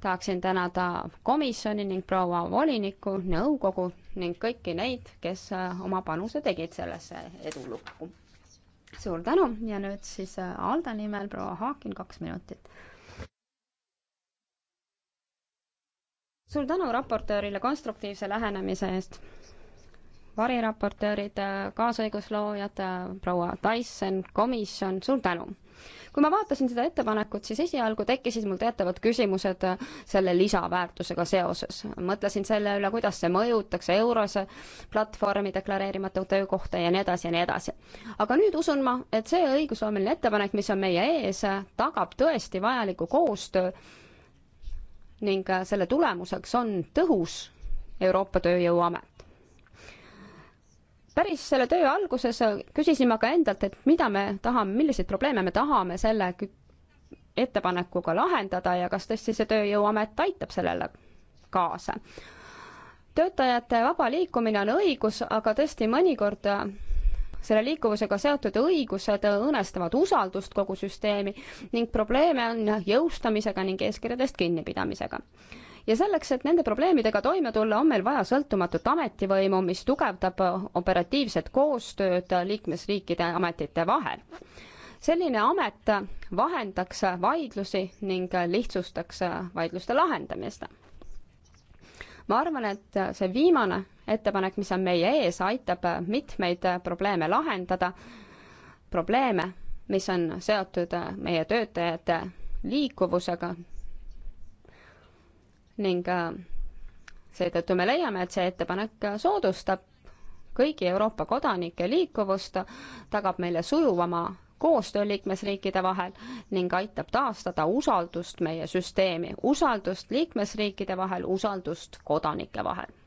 tahaksin tänada komisjoni ning proua volinikku, nõukogu ning kõiki neid, kes äh, oma panuse tegid sellesse edulukku. suur tänu ja nüüd siis äh, Alda nimel proua Haakin, kaks minutit. suur tänu raportöörile konstruktiivse lähenemise eest variraportöörid, kaasõigusloojad, proua Tyson, komisjon, suur tänu! kui ma vaatasin seda ettepanekut, siis esialgu tekkisid mul teatavad küsimused selle lisaväärtusega seoses. mõtlesin selle üle, kuidas see mõjutaks Eurose platvormi deklareerimata töökohta ja nii edasi ja nii edasi. aga nüüd usun ma, et see õigusloomeline ettepanek, mis on meie ees, tagab tõesti vajaliku koostöö ning selle tulemuseks on tõhus Euroopa Tööjõuamet päris selle töö alguses küsisin ma ka endalt, et mida me tahame, milliseid probleeme me tahame selle ettepanekuga lahendada ja kas tõesti see Tööjõuamet aitab sellele kaasa. töötajate vaba liikumine on õigus, aga tõesti mõnikord selle liikuvusega seotud õigused õõnestavad usaldust kogu süsteemi ning probleeme on jõustamisega ning eeskirjadest kinnipidamisega ja selleks, et nende probleemidega toime tulla, on meil vaja sõltumatut ametivõimu, mis tugevdab operatiivset koostööd liikmesriikide ametite vahel. selline amet vahendaks vaidlusi ning lihtsustaks vaidluste lahendamist ma arvan, et see viimane ettepanek, mis on meie ees, aitab mitmeid probleeme lahendada, probleeme, mis on seotud meie töötajate liikuvusega ning äh, seetõttu me leiame, et see ettepanek soodustab kõigi Euroopa kodanike liikuvust, tagab meile sujuvama koostöö liikmesriikide vahel ning aitab taastada usaldust meie süsteemi, usaldust liikmesriikide vahel, usaldust kodanike vahel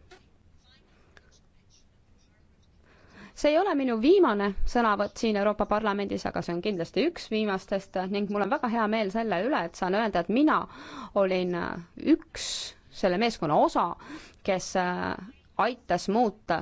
see ei ole minu viimane sõnavõtt siin Euroopa Parlamendis, aga see on kindlasti üks viimastest ning mul on väga hea meel selle üle, et saan öelda, et mina olin üks selle meeskonna osa, kes äh, aitas muuta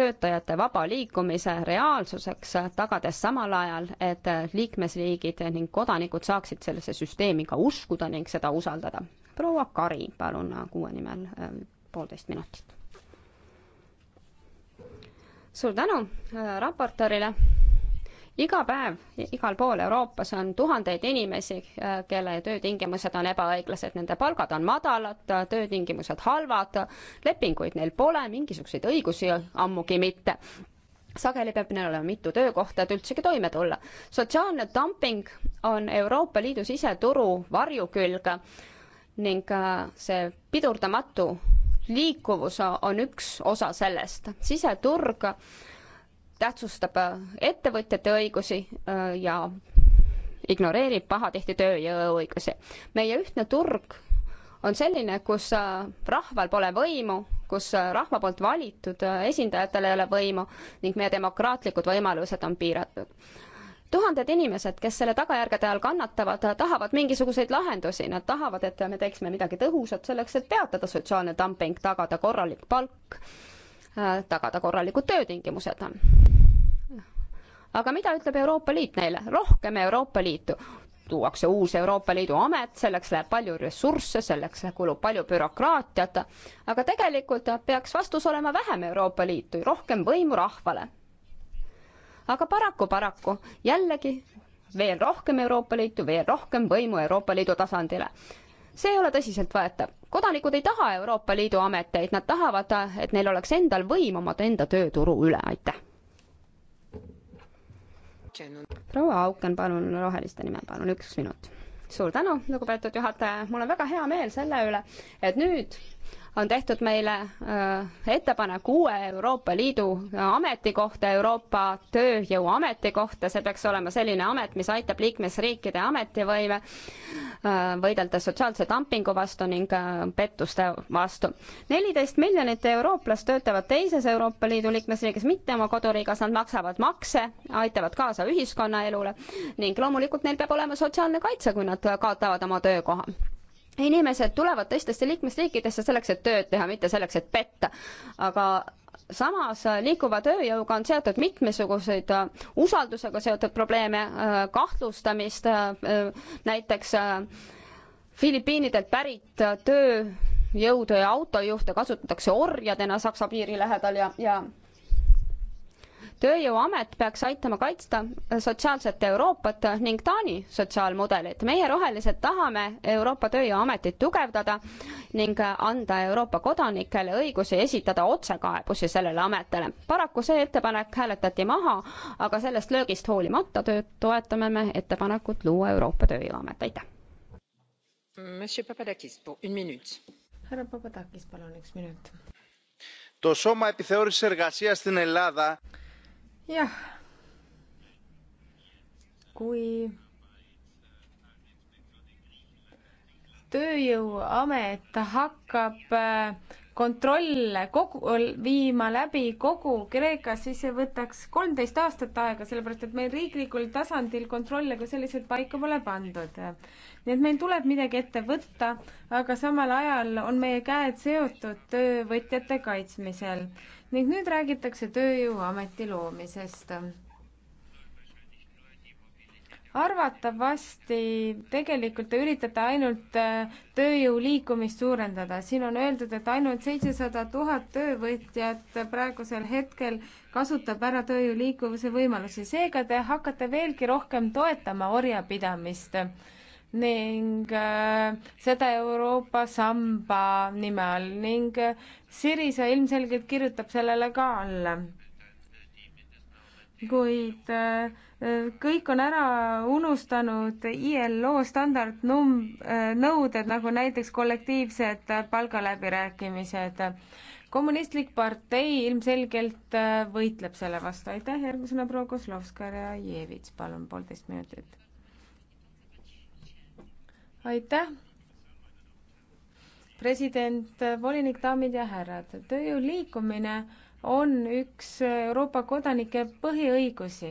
töötajate vaba liikumise reaalsuseks, tagades samal ajal, et äh, liikmesriigid ning kodanikud saaksid sellesse süsteemi ka uskuda ning seda usaldada. proua Kari, palun kuue nimel äh, poolteist minutit suur tänu äh, raportöörile. iga päev igal pool Euroopas on tuhandeid inimesi, äh, kelle töötingimused on ebaõiglased, nende palgad on madalad, äh, töötingimused halvad, lepinguid neil pole, mingisuguseid õigusi ammugi mitte sageli peab neil olema mitu töökohta, et üldsegi toime tulla. sotsiaalne dumping on Euroopa Liidu siseturu varjukülg ning see pidurdamatu liikuvus on üks osa sellest, siseturg tähtsustab ettevõtjate õigusi äh, ja ignoreerib pahatihti tööjõuõigusi. meie ühtne turg on selline, kus äh, rahval pole võimu, kus äh, rahva poolt valitud esindajatel ei ole võimu ning meie demokraatlikud võimalused on piiratud tuhanded inimesed, kes selle tagajärgede all kannatavad, tahavad mingisuguseid lahendusi, nad tahavad, et me teeksime midagi tõhusat selleks, et peatada sotsiaalne dumping, tagada korralik palk, tagada korralikud töötingimused. aga mida ütleb Euroopa Liit neile? rohkem Euroopa Liitu tuuakse uus Euroopa Liidu amet, selleks läheb palju ressursse, selleks kulub palju bürokraatiat, aga tegelikult peaks vastus olema vähem Euroopa Liitu, rohkem võimu rahvale aga paraku, paraku jällegi veel rohkem Euroopa Liitu, veel rohkem võimu Euroopa Liidu tasandile. see ei ole tõsiseltvõetav. kodanikud ei taha Euroopa Liidu ameteid, nad tahavad, et neil oleks endal võim oma enda tööturu üle, aitäh. proua Auken, palun roheliste nimel, palun üks minut suur tänu, lugupeetud juhataja, mul on väga hea meel selle üle, et nüüd on tehtud meile äh, ettepanek uue Euroopa Liidu ametikohta, Euroopa Tööjõuameti kohta, see peaks olema selline amet, mis aitab liikmesriikide ametivõime äh, võidelda sotsiaalse dumpingu vastu ning äh, pettuste vastu. neliteist miljonit eurooplast töötavad teises Euroopa Liidu liikmesriigis, mitte oma koduriigas, nad maksavad makse, aitavad kaasa ühiskonnaelule ning loomulikult neil peab olema sotsiaalne kaitse, kui nad kaotavad oma töökoha inimesed tulevad teistesse liikmesriikidesse selleks, et tööd teha, mitte selleks, et petta. aga samas liikuva tööjõuga on seotud mitmesuguseid äh, usaldusega seotud probleeme, äh, kahtlustamist, äh, näiteks Filipiinidelt pärit tööjõudu ja autojuhte kasutatakse orjadena Saksa piiri lähedal ja, ja tööjõuamet peaks aitama kaitsta sotsiaalset Euroopat ning Taani sotsiaalmudelit. meie rohelised tahame Euroopa Tööjõuametit tugevdada ning anda Euroopa kodanikele õiguse esitada otsekaebusi sellele ametile. paraku see ettepanek hääletati maha, aga sellest löögist hoolimata töö-, toetame me ettepanekut luua Euroopa Tööjõuamet, aitäh! härra Papadakis, palun üks minut. Το Σώμα Επιθεώρησης Εργασίας στην Ελλάδα jah. kui tööjõuamet hakkab äh, kontrolle kogu, viima läbi kogu Kreekas, siis see võtaks kolmteist aastat aega, sellepärast et meil riiklikul tasandil kontrolle kui selliseid paika pole pandud. nii et meil tuleb midagi ette võtta, aga samal ajal on meie käed seotud töövõtjate kaitsmisel ning nüüd räägitakse Tööjõuameti loomisest arvatavasti tegelikult te üritate ainult äh, tööjõu liikumist suurendada. siin on öeldud, et ainult seitsesada tuhat töövõtjat praegusel hetkel kasutab ära tööjõu liikuvuse võimalusi, seega te hakkate veelgi rohkem toetama orjapidamist ning äh, seda Euroopa samba nime all ning äh, Sirisa ilmselgelt kirjutab sellele ka alla kuid äh, kõik on ära unustanud ILO standardnum-, äh, nõuded, nagu näiteks kollektiivsed palgaläbirääkimised. kommunistlik partei ilmselgelt äh, võitleb selle vastu. aitäh, järgmisena proua Kozlovskaja-Jevits, palun poolteist minutit. aitäh president, volinik, daamid ja härrad, tööjõu liikumine on üks Euroopa kodanike põhiõigusi.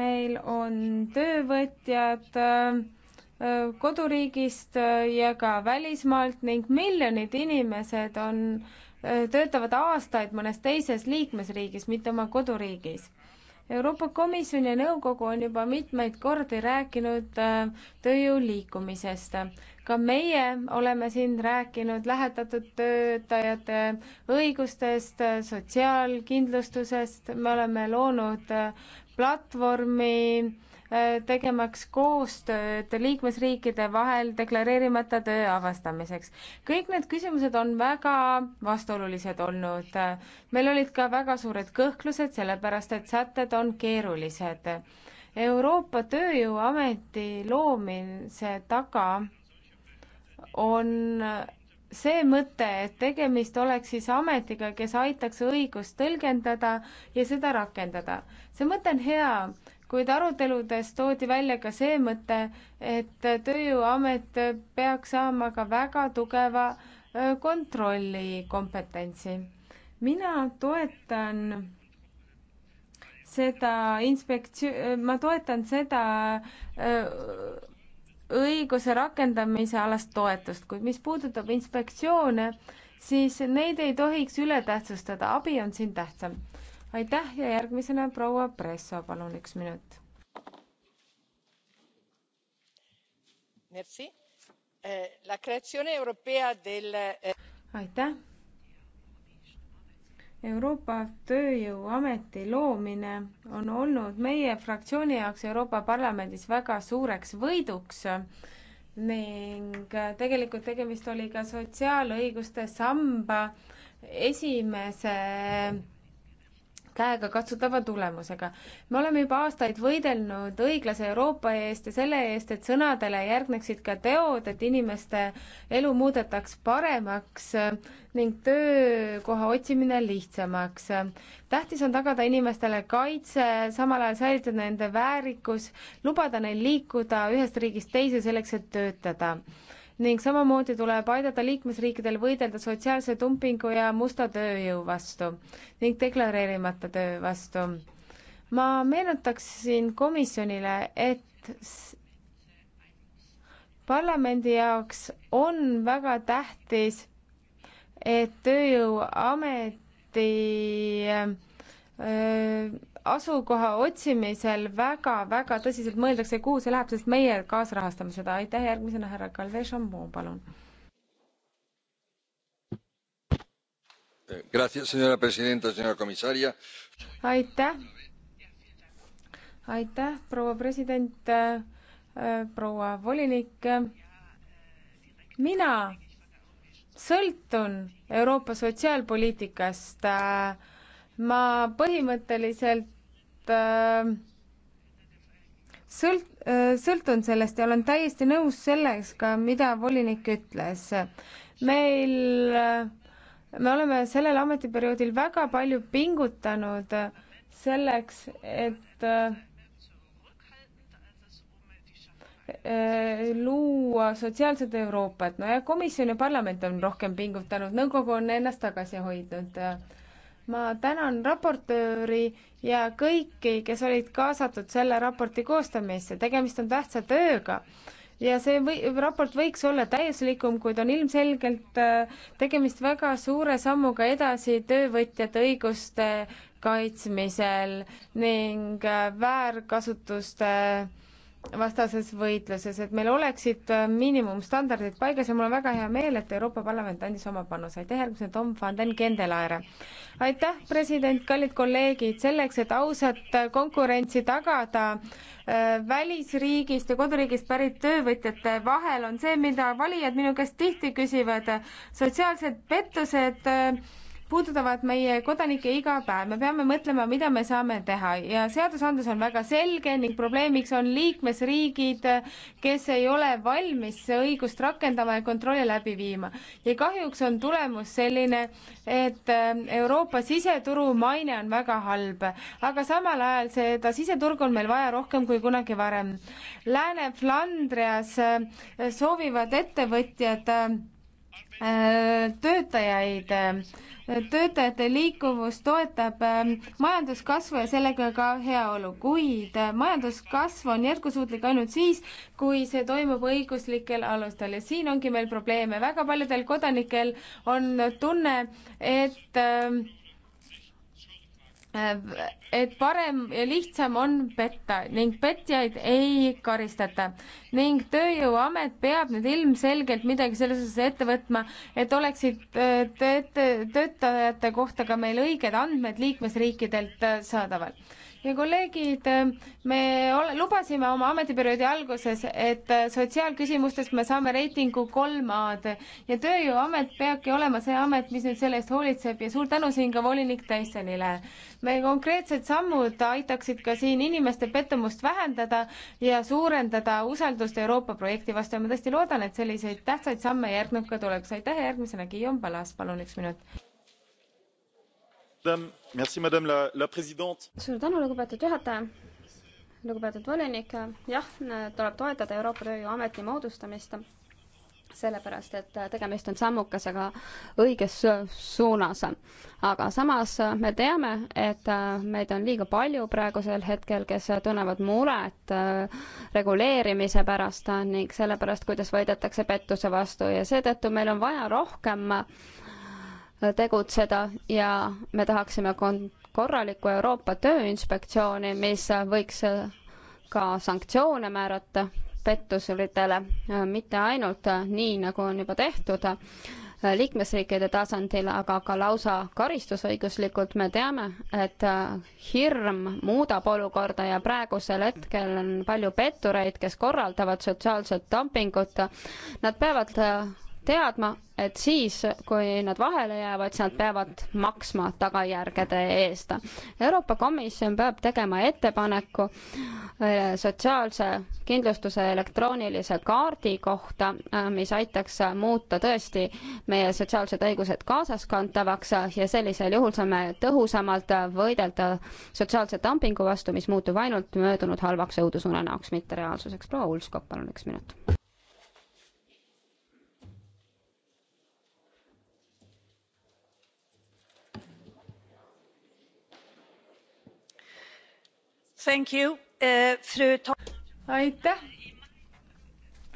meil on töövõtjad äh, koduriigist äh, ja ka välismaalt ning miljonid inimesed on, äh, töötavad aastaid mõnes teises liikmesriigis, mitte oma koduriigis Euroopa Komisjon ja nõukogu on juba mitmeid kordi rääkinud äh, tööjõu liikumisest. ka meie oleme siin rääkinud lähetatud töötajate õigustest, sotsiaalkindlustusest, me oleme loonud äh, platvormi Äh, tegemaks koostööd liikmesriikide vahel deklareerimata töö avastamiseks. kõik need küsimused on väga vastuolulised olnud. meil olid ka väga suured kõhklused, sellepärast et sätted on keerulised. Euroopa Tööjõuameti loomise taga on see mõte, et tegemist oleks siis ametiga, kes aitaks õigust tõlgendada ja seda rakendada. see mõte on hea, kuid aruteludes toodi välja ka see mõte, et Tööjõuamet peaks saama ka väga tugeva kontrollikompetentsi. mina toetan seda inspektsio-, ma toetan seda õiguse rakendamise alast toetust, kuid mis puudutab inspektsioone, siis neid ei tohiks üle tähtsustada, abi on siin tähtsam aitäh ja järgmisena proua Presso, palun üks minut. Eh, eh, aitäh. Euroopa Tööjõuameti loomine on olnud meie fraktsiooni jaoks Euroopa Parlamendis väga suureks võiduks ning tegelikult tegemist oli ka sotsiaalõiguste samba esimese käegakatsutava tulemusega. me oleme juba aastaid võidelnud õiglase Euroopa eest ja selle eest, et sõnadele järgneksid ka teod, et inimeste elu muudetaks paremaks ning töökoha otsimine lihtsamaks. tähtis on tagada inimestele kaitse, samal ajal säilitada nende väärikus, lubada neil liikuda ühest riigist teise selleks, et töötada ning samamoodi tuleb aidata liikmesriikidel võidelda sotsiaalse dumpingu ja musta tööjõu vastu ning deklareerimata töö vastu. ma meenutaksin komisjonile, et parlamendi jaoks on väga tähtis, et Tööjõuameti öö, äh, asukoha otsimisel väga-väga tõsiselt mõeldakse, kuhu see läheb, sest meie kaasrahastame seda. aitäh, järgmisena härra Calvet Chambon, palun. aitäh, aitäh, proua president, äh, proua volinik. mina sõltun Euroopa sotsiaalpoliitikast äh, ma põhimõtteliselt Äh, sõlt-, äh, sõltun sellest ja olen täiesti nõus sellega, mida volinik ütles. meil, äh, me oleme sellel ametiperioodil väga palju pingutanud selleks, et luua sotsiaalset Euroopat, no ja komisjon ja parlament on rohkem pingutanud, nõukogu on ennast tagasi hoidnud ma tänan raportööri ja kõiki, kes olid kaasatud selle raporti koostamisse, tegemist on tähtsa tööga ja see või, raport võiks olla täiuslikum, kuid on ilmselgelt äh, tegemist väga suure sammuga edasi töövõtjate õiguste kaitsmisel ning äh, väärkasutuste vastases võitluses, et meil oleksid äh, miinimumstandardid paigas ja mul on väga hea meel, et Euroopa Parlament andis oma panuse. aitäh, järgmisena Tom van den Kendelaere. aitäh, president, kallid kolleegid, selleks, et ausat äh, konkurentsi tagada äh, välisriigist ja koduriigist pärit töövõtjate vahel, on see, mida valijad minu käest tihti küsivad, sotsiaalsed pettused puudutavad meie kodanike iga päev, me peame mõtlema, mida me saame teha ja seadusandlus on väga selge ning probleemiks on liikmesriigid, kes ei ole valmis õigust rakendama ja kontrolli läbi viima. ja kahjuks on tulemus selline, et ähm, Euroopa siseturu maine on väga halb, aga samal ajal seda siseturgu on meil vaja rohkem kui kunagi varem. Lääne-Flandrias äh, soovivad ettevõtjad äh, Äh, töötajaid. töötajate liikuvus toetab ähm, majanduskasvu ja sellega ka heaolu, kuid äh, majanduskasv on jätkusuutlik ainult siis, kui see toimub õiguslikel alustel ja siin ongi meil probleeme. väga paljudel kodanikel on tunne, et ähm, et parem ja lihtsam on petta ning petjaid ei karistata ning Tööjõuamet peab nüüd ilmselgelt midagi selles osas ette võtma, et oleksid äh, töötajate kohta ka meil õiged andmed liikmesriikidelt äh, saadaval ja kolleegid, me ole, lubasime oma ametiperioodi alguses, et sotsiaalküsimustes me saame reitingu kolm A-d ja Tööjõuamet peabki olema see amet, mis nüüd selle eest hoolitseb ja suur tänu siin ka volinik Tysonile. meie konkreetsed sammud aitaksid ka siin inimeste pettumust vähendada ja suurendada usaldust Euroopa projekti vastu ja ma tõesti loodan, et selliseid tähtsaid samme järgneb ka tuleks. aitäh ja järgmisena Guillaume Palas, palun üks minut suur tänu, lugupeetud juhataja. lugupeetud volinik, jah, tuleb toetada Euroopa Tööjõuameti moodustamist, sellepärast et tegemist on sammukesega õiges suunas. aga samas me teame, et meid on liiga palju praegusel hetkel, kes tunnevad muret reguleerimise pärast ning selle pärast, kuidas võidetakse pettuse vastu ja seetõttu meil on vaja rohkem tegutseda ja me tahaksime korralikku Euroopa Tööinspektsiooni, mis võiks ka sanktsioone määrata pettusuritele, mitte ainult nii, nagu on juba tehtud liikmesriikide tasandil, aga ka lausa karistusõiguslikult me teame, et hirm muudab olukorda ja praegusel hetkel on palju pettureid, kes korraldavad sotsiaalset dumpingut. Nad peavad teadma, et siis, kui nad vahele jäävad, siis nad peavad maksma tagajärgede eest. Euroopa Komisjon peab tegema ettepaneku eh, sotsiaalse kindlustuse elektroonilise kaardi kohta, eh, mis aitaks muuta tõesti meie sotsiaalsed õigused kaasaskantavaks ja sellisel juhul saame tõhusamalt võidelda sotsiaalse dumpingu vastu, mis muutub ainult möödunud halvaks õudusunenäoks, mitte reaalsuseks. proua Ulskop, palun üks minut Eh, aitäh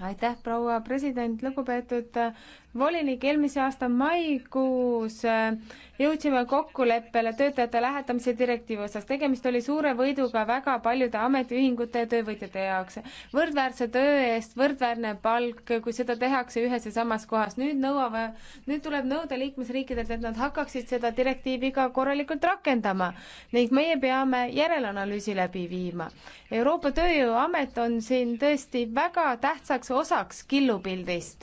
aitäh, proua president, lugupeetud volinik eelmise aasta maikuus äh, jõudsime kokkuleppele töötajate lähetamise direktiivi osas. tegemist oli suure võiduga väga paljude ametiühingute ja töövõtjate jaoks. võrdväärse töö eest võrdväärne palk, kui seda tehakse ühes ja samas kohas. nüüd nõuame, nüüd tuleb nõuda liikmesriikidelt, et nad hakkaksid seda direktiivi ka korralikult rakendama ning meie peame järelanalüüsi läbi viima. Euroopa Tööjõuamet on siin tõesti väga tähtsaks osaks killupildist.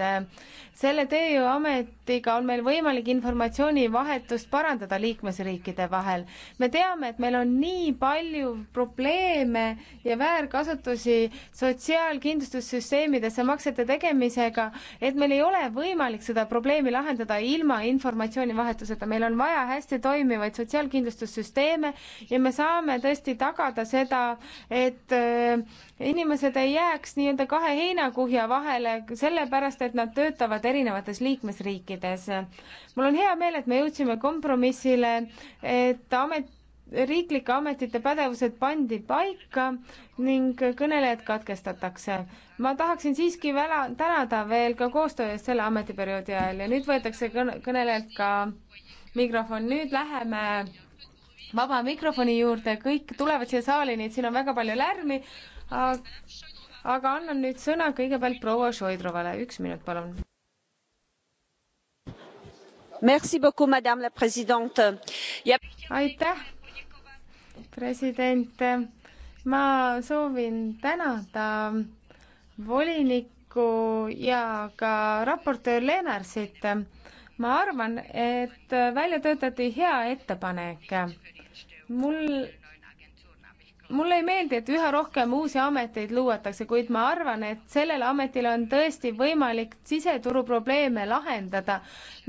selle töö Tööamet ametiga on meil võimalik informatsioonivahetust parandada liikmesriikide vahel. me teame, et meil on nii palju probleeme ja väärkasutusi sotsiaalkindlustussüsteemidesse maksete tegemisega, et meil ei ole võimalik seda probleemi lahendada ilma informatsioonivahetuseta. meil on vaja hästi toimivaid sotsiaalkindlustussüsteeme ja me saame tõesti tagada seda, et äh, inimesed ei jääks nii-öelda kahe heinakuhja vahele, sellepärast et nad töötavad erinevates liikmesriikides rääkides. mul on hea meel, et me jõudsime kompromissile, et amet, riiklike ametite pädevused pandi paika ning kõnelejad katkestatakse. ma tahaksin siiski väla, tänada veel ka koostöö eest selle ametiperioodi ajal ja nüüd võetakse kõnelejalt ka mikrofon, nüüd läheme vaba mikrofoni juurde, kõik tulevad siia saali, nii et siin on väga palju lärmi. aga annan nüüd sõna kõigepealt proua Šoidrovale, üks minut, palun aitäh, president. ma soovin tänada volinikku ja ka raportöör Lennartsit. ma arvan, et välja töötati hea ettepanek. mul mulle ei meeldi, et üha rohkem uusi ameteid luuakse, kuid ma arvan, et sellel ametil on tõesti võimalik siseturu probleeme lahendada,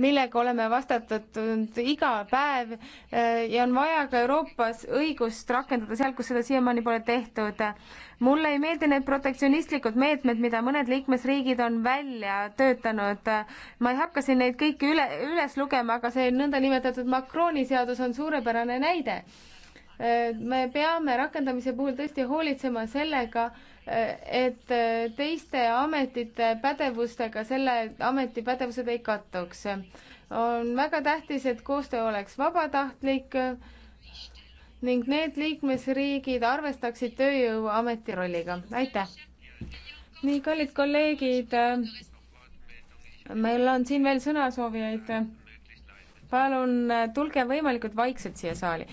millega oleme vastatud iga päev eh, ja on vaja ka Euroopas õigust rakendada seal, kus seda siiamaani pole tehtud. mulle ei meeldi need protektsionistlikud meetmed, mida mõned liikmesriigid on välja töötanud. ma ei hakka siin neid kõiki üle, üles lugema, aga see nõndanimetatud Macroni seadus on suurepärane näide Eh, me peame rakendamise puhul tõesti hoolitsema sellega, eh, et eh, teiste ametite pädevustega selle ameti pädevused ei kattuks. on väga tähtis, et koostöö oleks vabatahtlik ning need liikmesriigid arvestaksid Tööjõuameti rolliga. aitäh! nii, kallid kolleegid, meil on siin veel sõnasoovijaid. palun tulge võimalikult vaikselt siia saali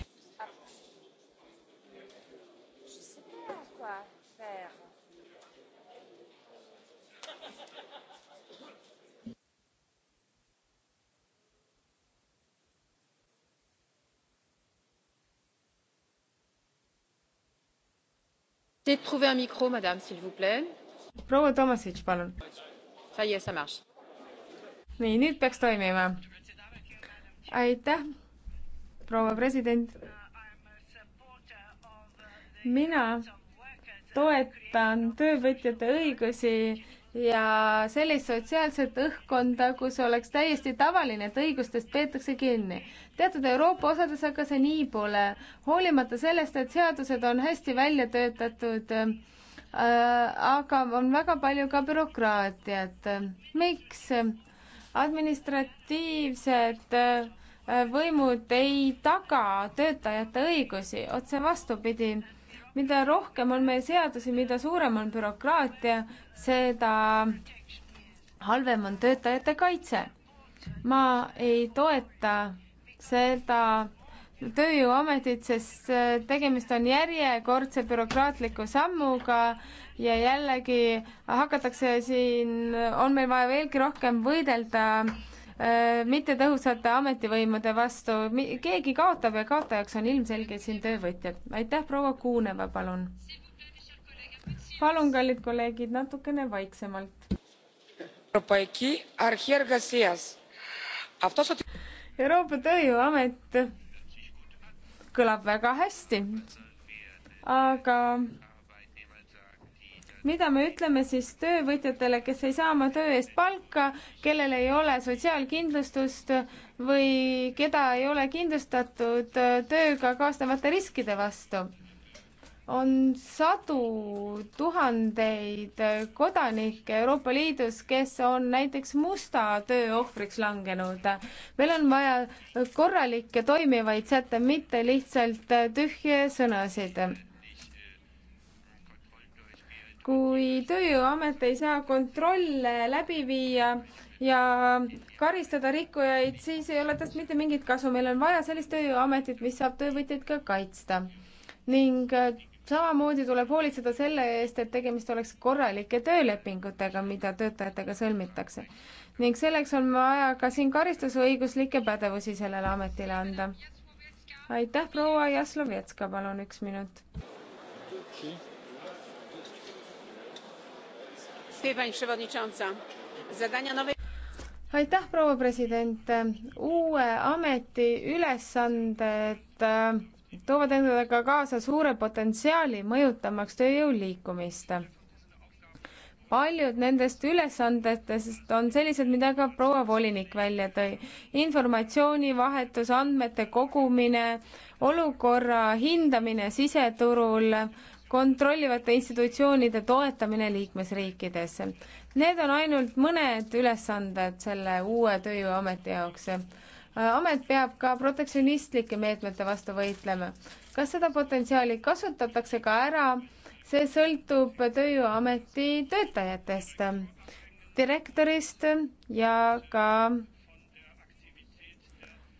proua Tomasitš, palun. nii, nüüd peaks toimima. aitäh, proua president. mina toetan töövõtjate õigusi ja sellist sotsiaalset õhkkonda, kus oleks täiesti tavaline, et õigustest peetakse kinni. teatud Euroopa osades aga see nii pole, hoolimata sellest, et seadused on hästi välja töötatud äh,, aga on väga palju ka bürokraatiat. miks administratiivsed äh, võimud ei taga töötajate õigusi, otse vastupidi mida rohkem on meie seadusi, mida suurem on bürokraatia, seda halvem on töötajate kaitse. ma ei toeta seda tööjõuametit, sest äh, tegemist on järjekordse bürokraatliku sammuga ja jällegi hakatakse siin, on meil vaja veelgi rohkem võidelda äh, Äh, mittetõhusate ametivõimude vastu, keegi kaotab ja kaotajaks on ilmselgelt siin töövõtjad. aitäh, proua Kuuneva, palun. palun, kallid kolleegid, natukene vaiksemalt. Euroopa Tööjõuamet kõlab väga hästi, aga mida me ütleme siis töövõtjatele, kes ei saa oma töö eest palka, kellel ei ole sotsiaalkindlustust või keda ei ole kindlustatud tööga kaasnevate riskide vastu? on sadu tuhandeid kodanikke Euroopa Liidus, kes on näiteks musta töö ohvriks langenud. meil on vaja korralikke toimivaid sätte, mitte lihtsalt tühje sõnasid kui Tööjõuamet ei saa kontrolle läbi viia ja karistada rikkujaid, siis ei ole tast mitte mingit kasu. meil on vaja sellist Tööjõuametit, mis saab töövõtjaid ka kaitsta. ning äh, samamoodi tuleb hoolitseda selle eest, et tegemist oleks korralike töölepingutega, mida töötajatega sõlmitakse. ning selleks on vaja ka siin karistusõiguslikke pädevusi sellele ametile anda. aitäh, proua Jaslovetska, palun üks minut. aitäh, proua president. uue ameti ülesanded eh, toovad endaga kaasa suure potentsiaali mõjutamaks tööjõu liikumist paljud nendest ülesandetest on sellised, mida ka proua volinik välja tõi. informatsioonivahetus, andmete kogumine, olukorra hindamine siseturul, kontrollivate institutsioonide toetamine liikmesriikides. Need on ainult mõned ülesanded selle uue Tööjõuameti jaoks. amet peab ka protektsionistlike meetmete vastu võitlema. kas seda potentsiaali kasutatakse ka ära, see sõltub Tööjõuameti töötajatest, direktorist ja ka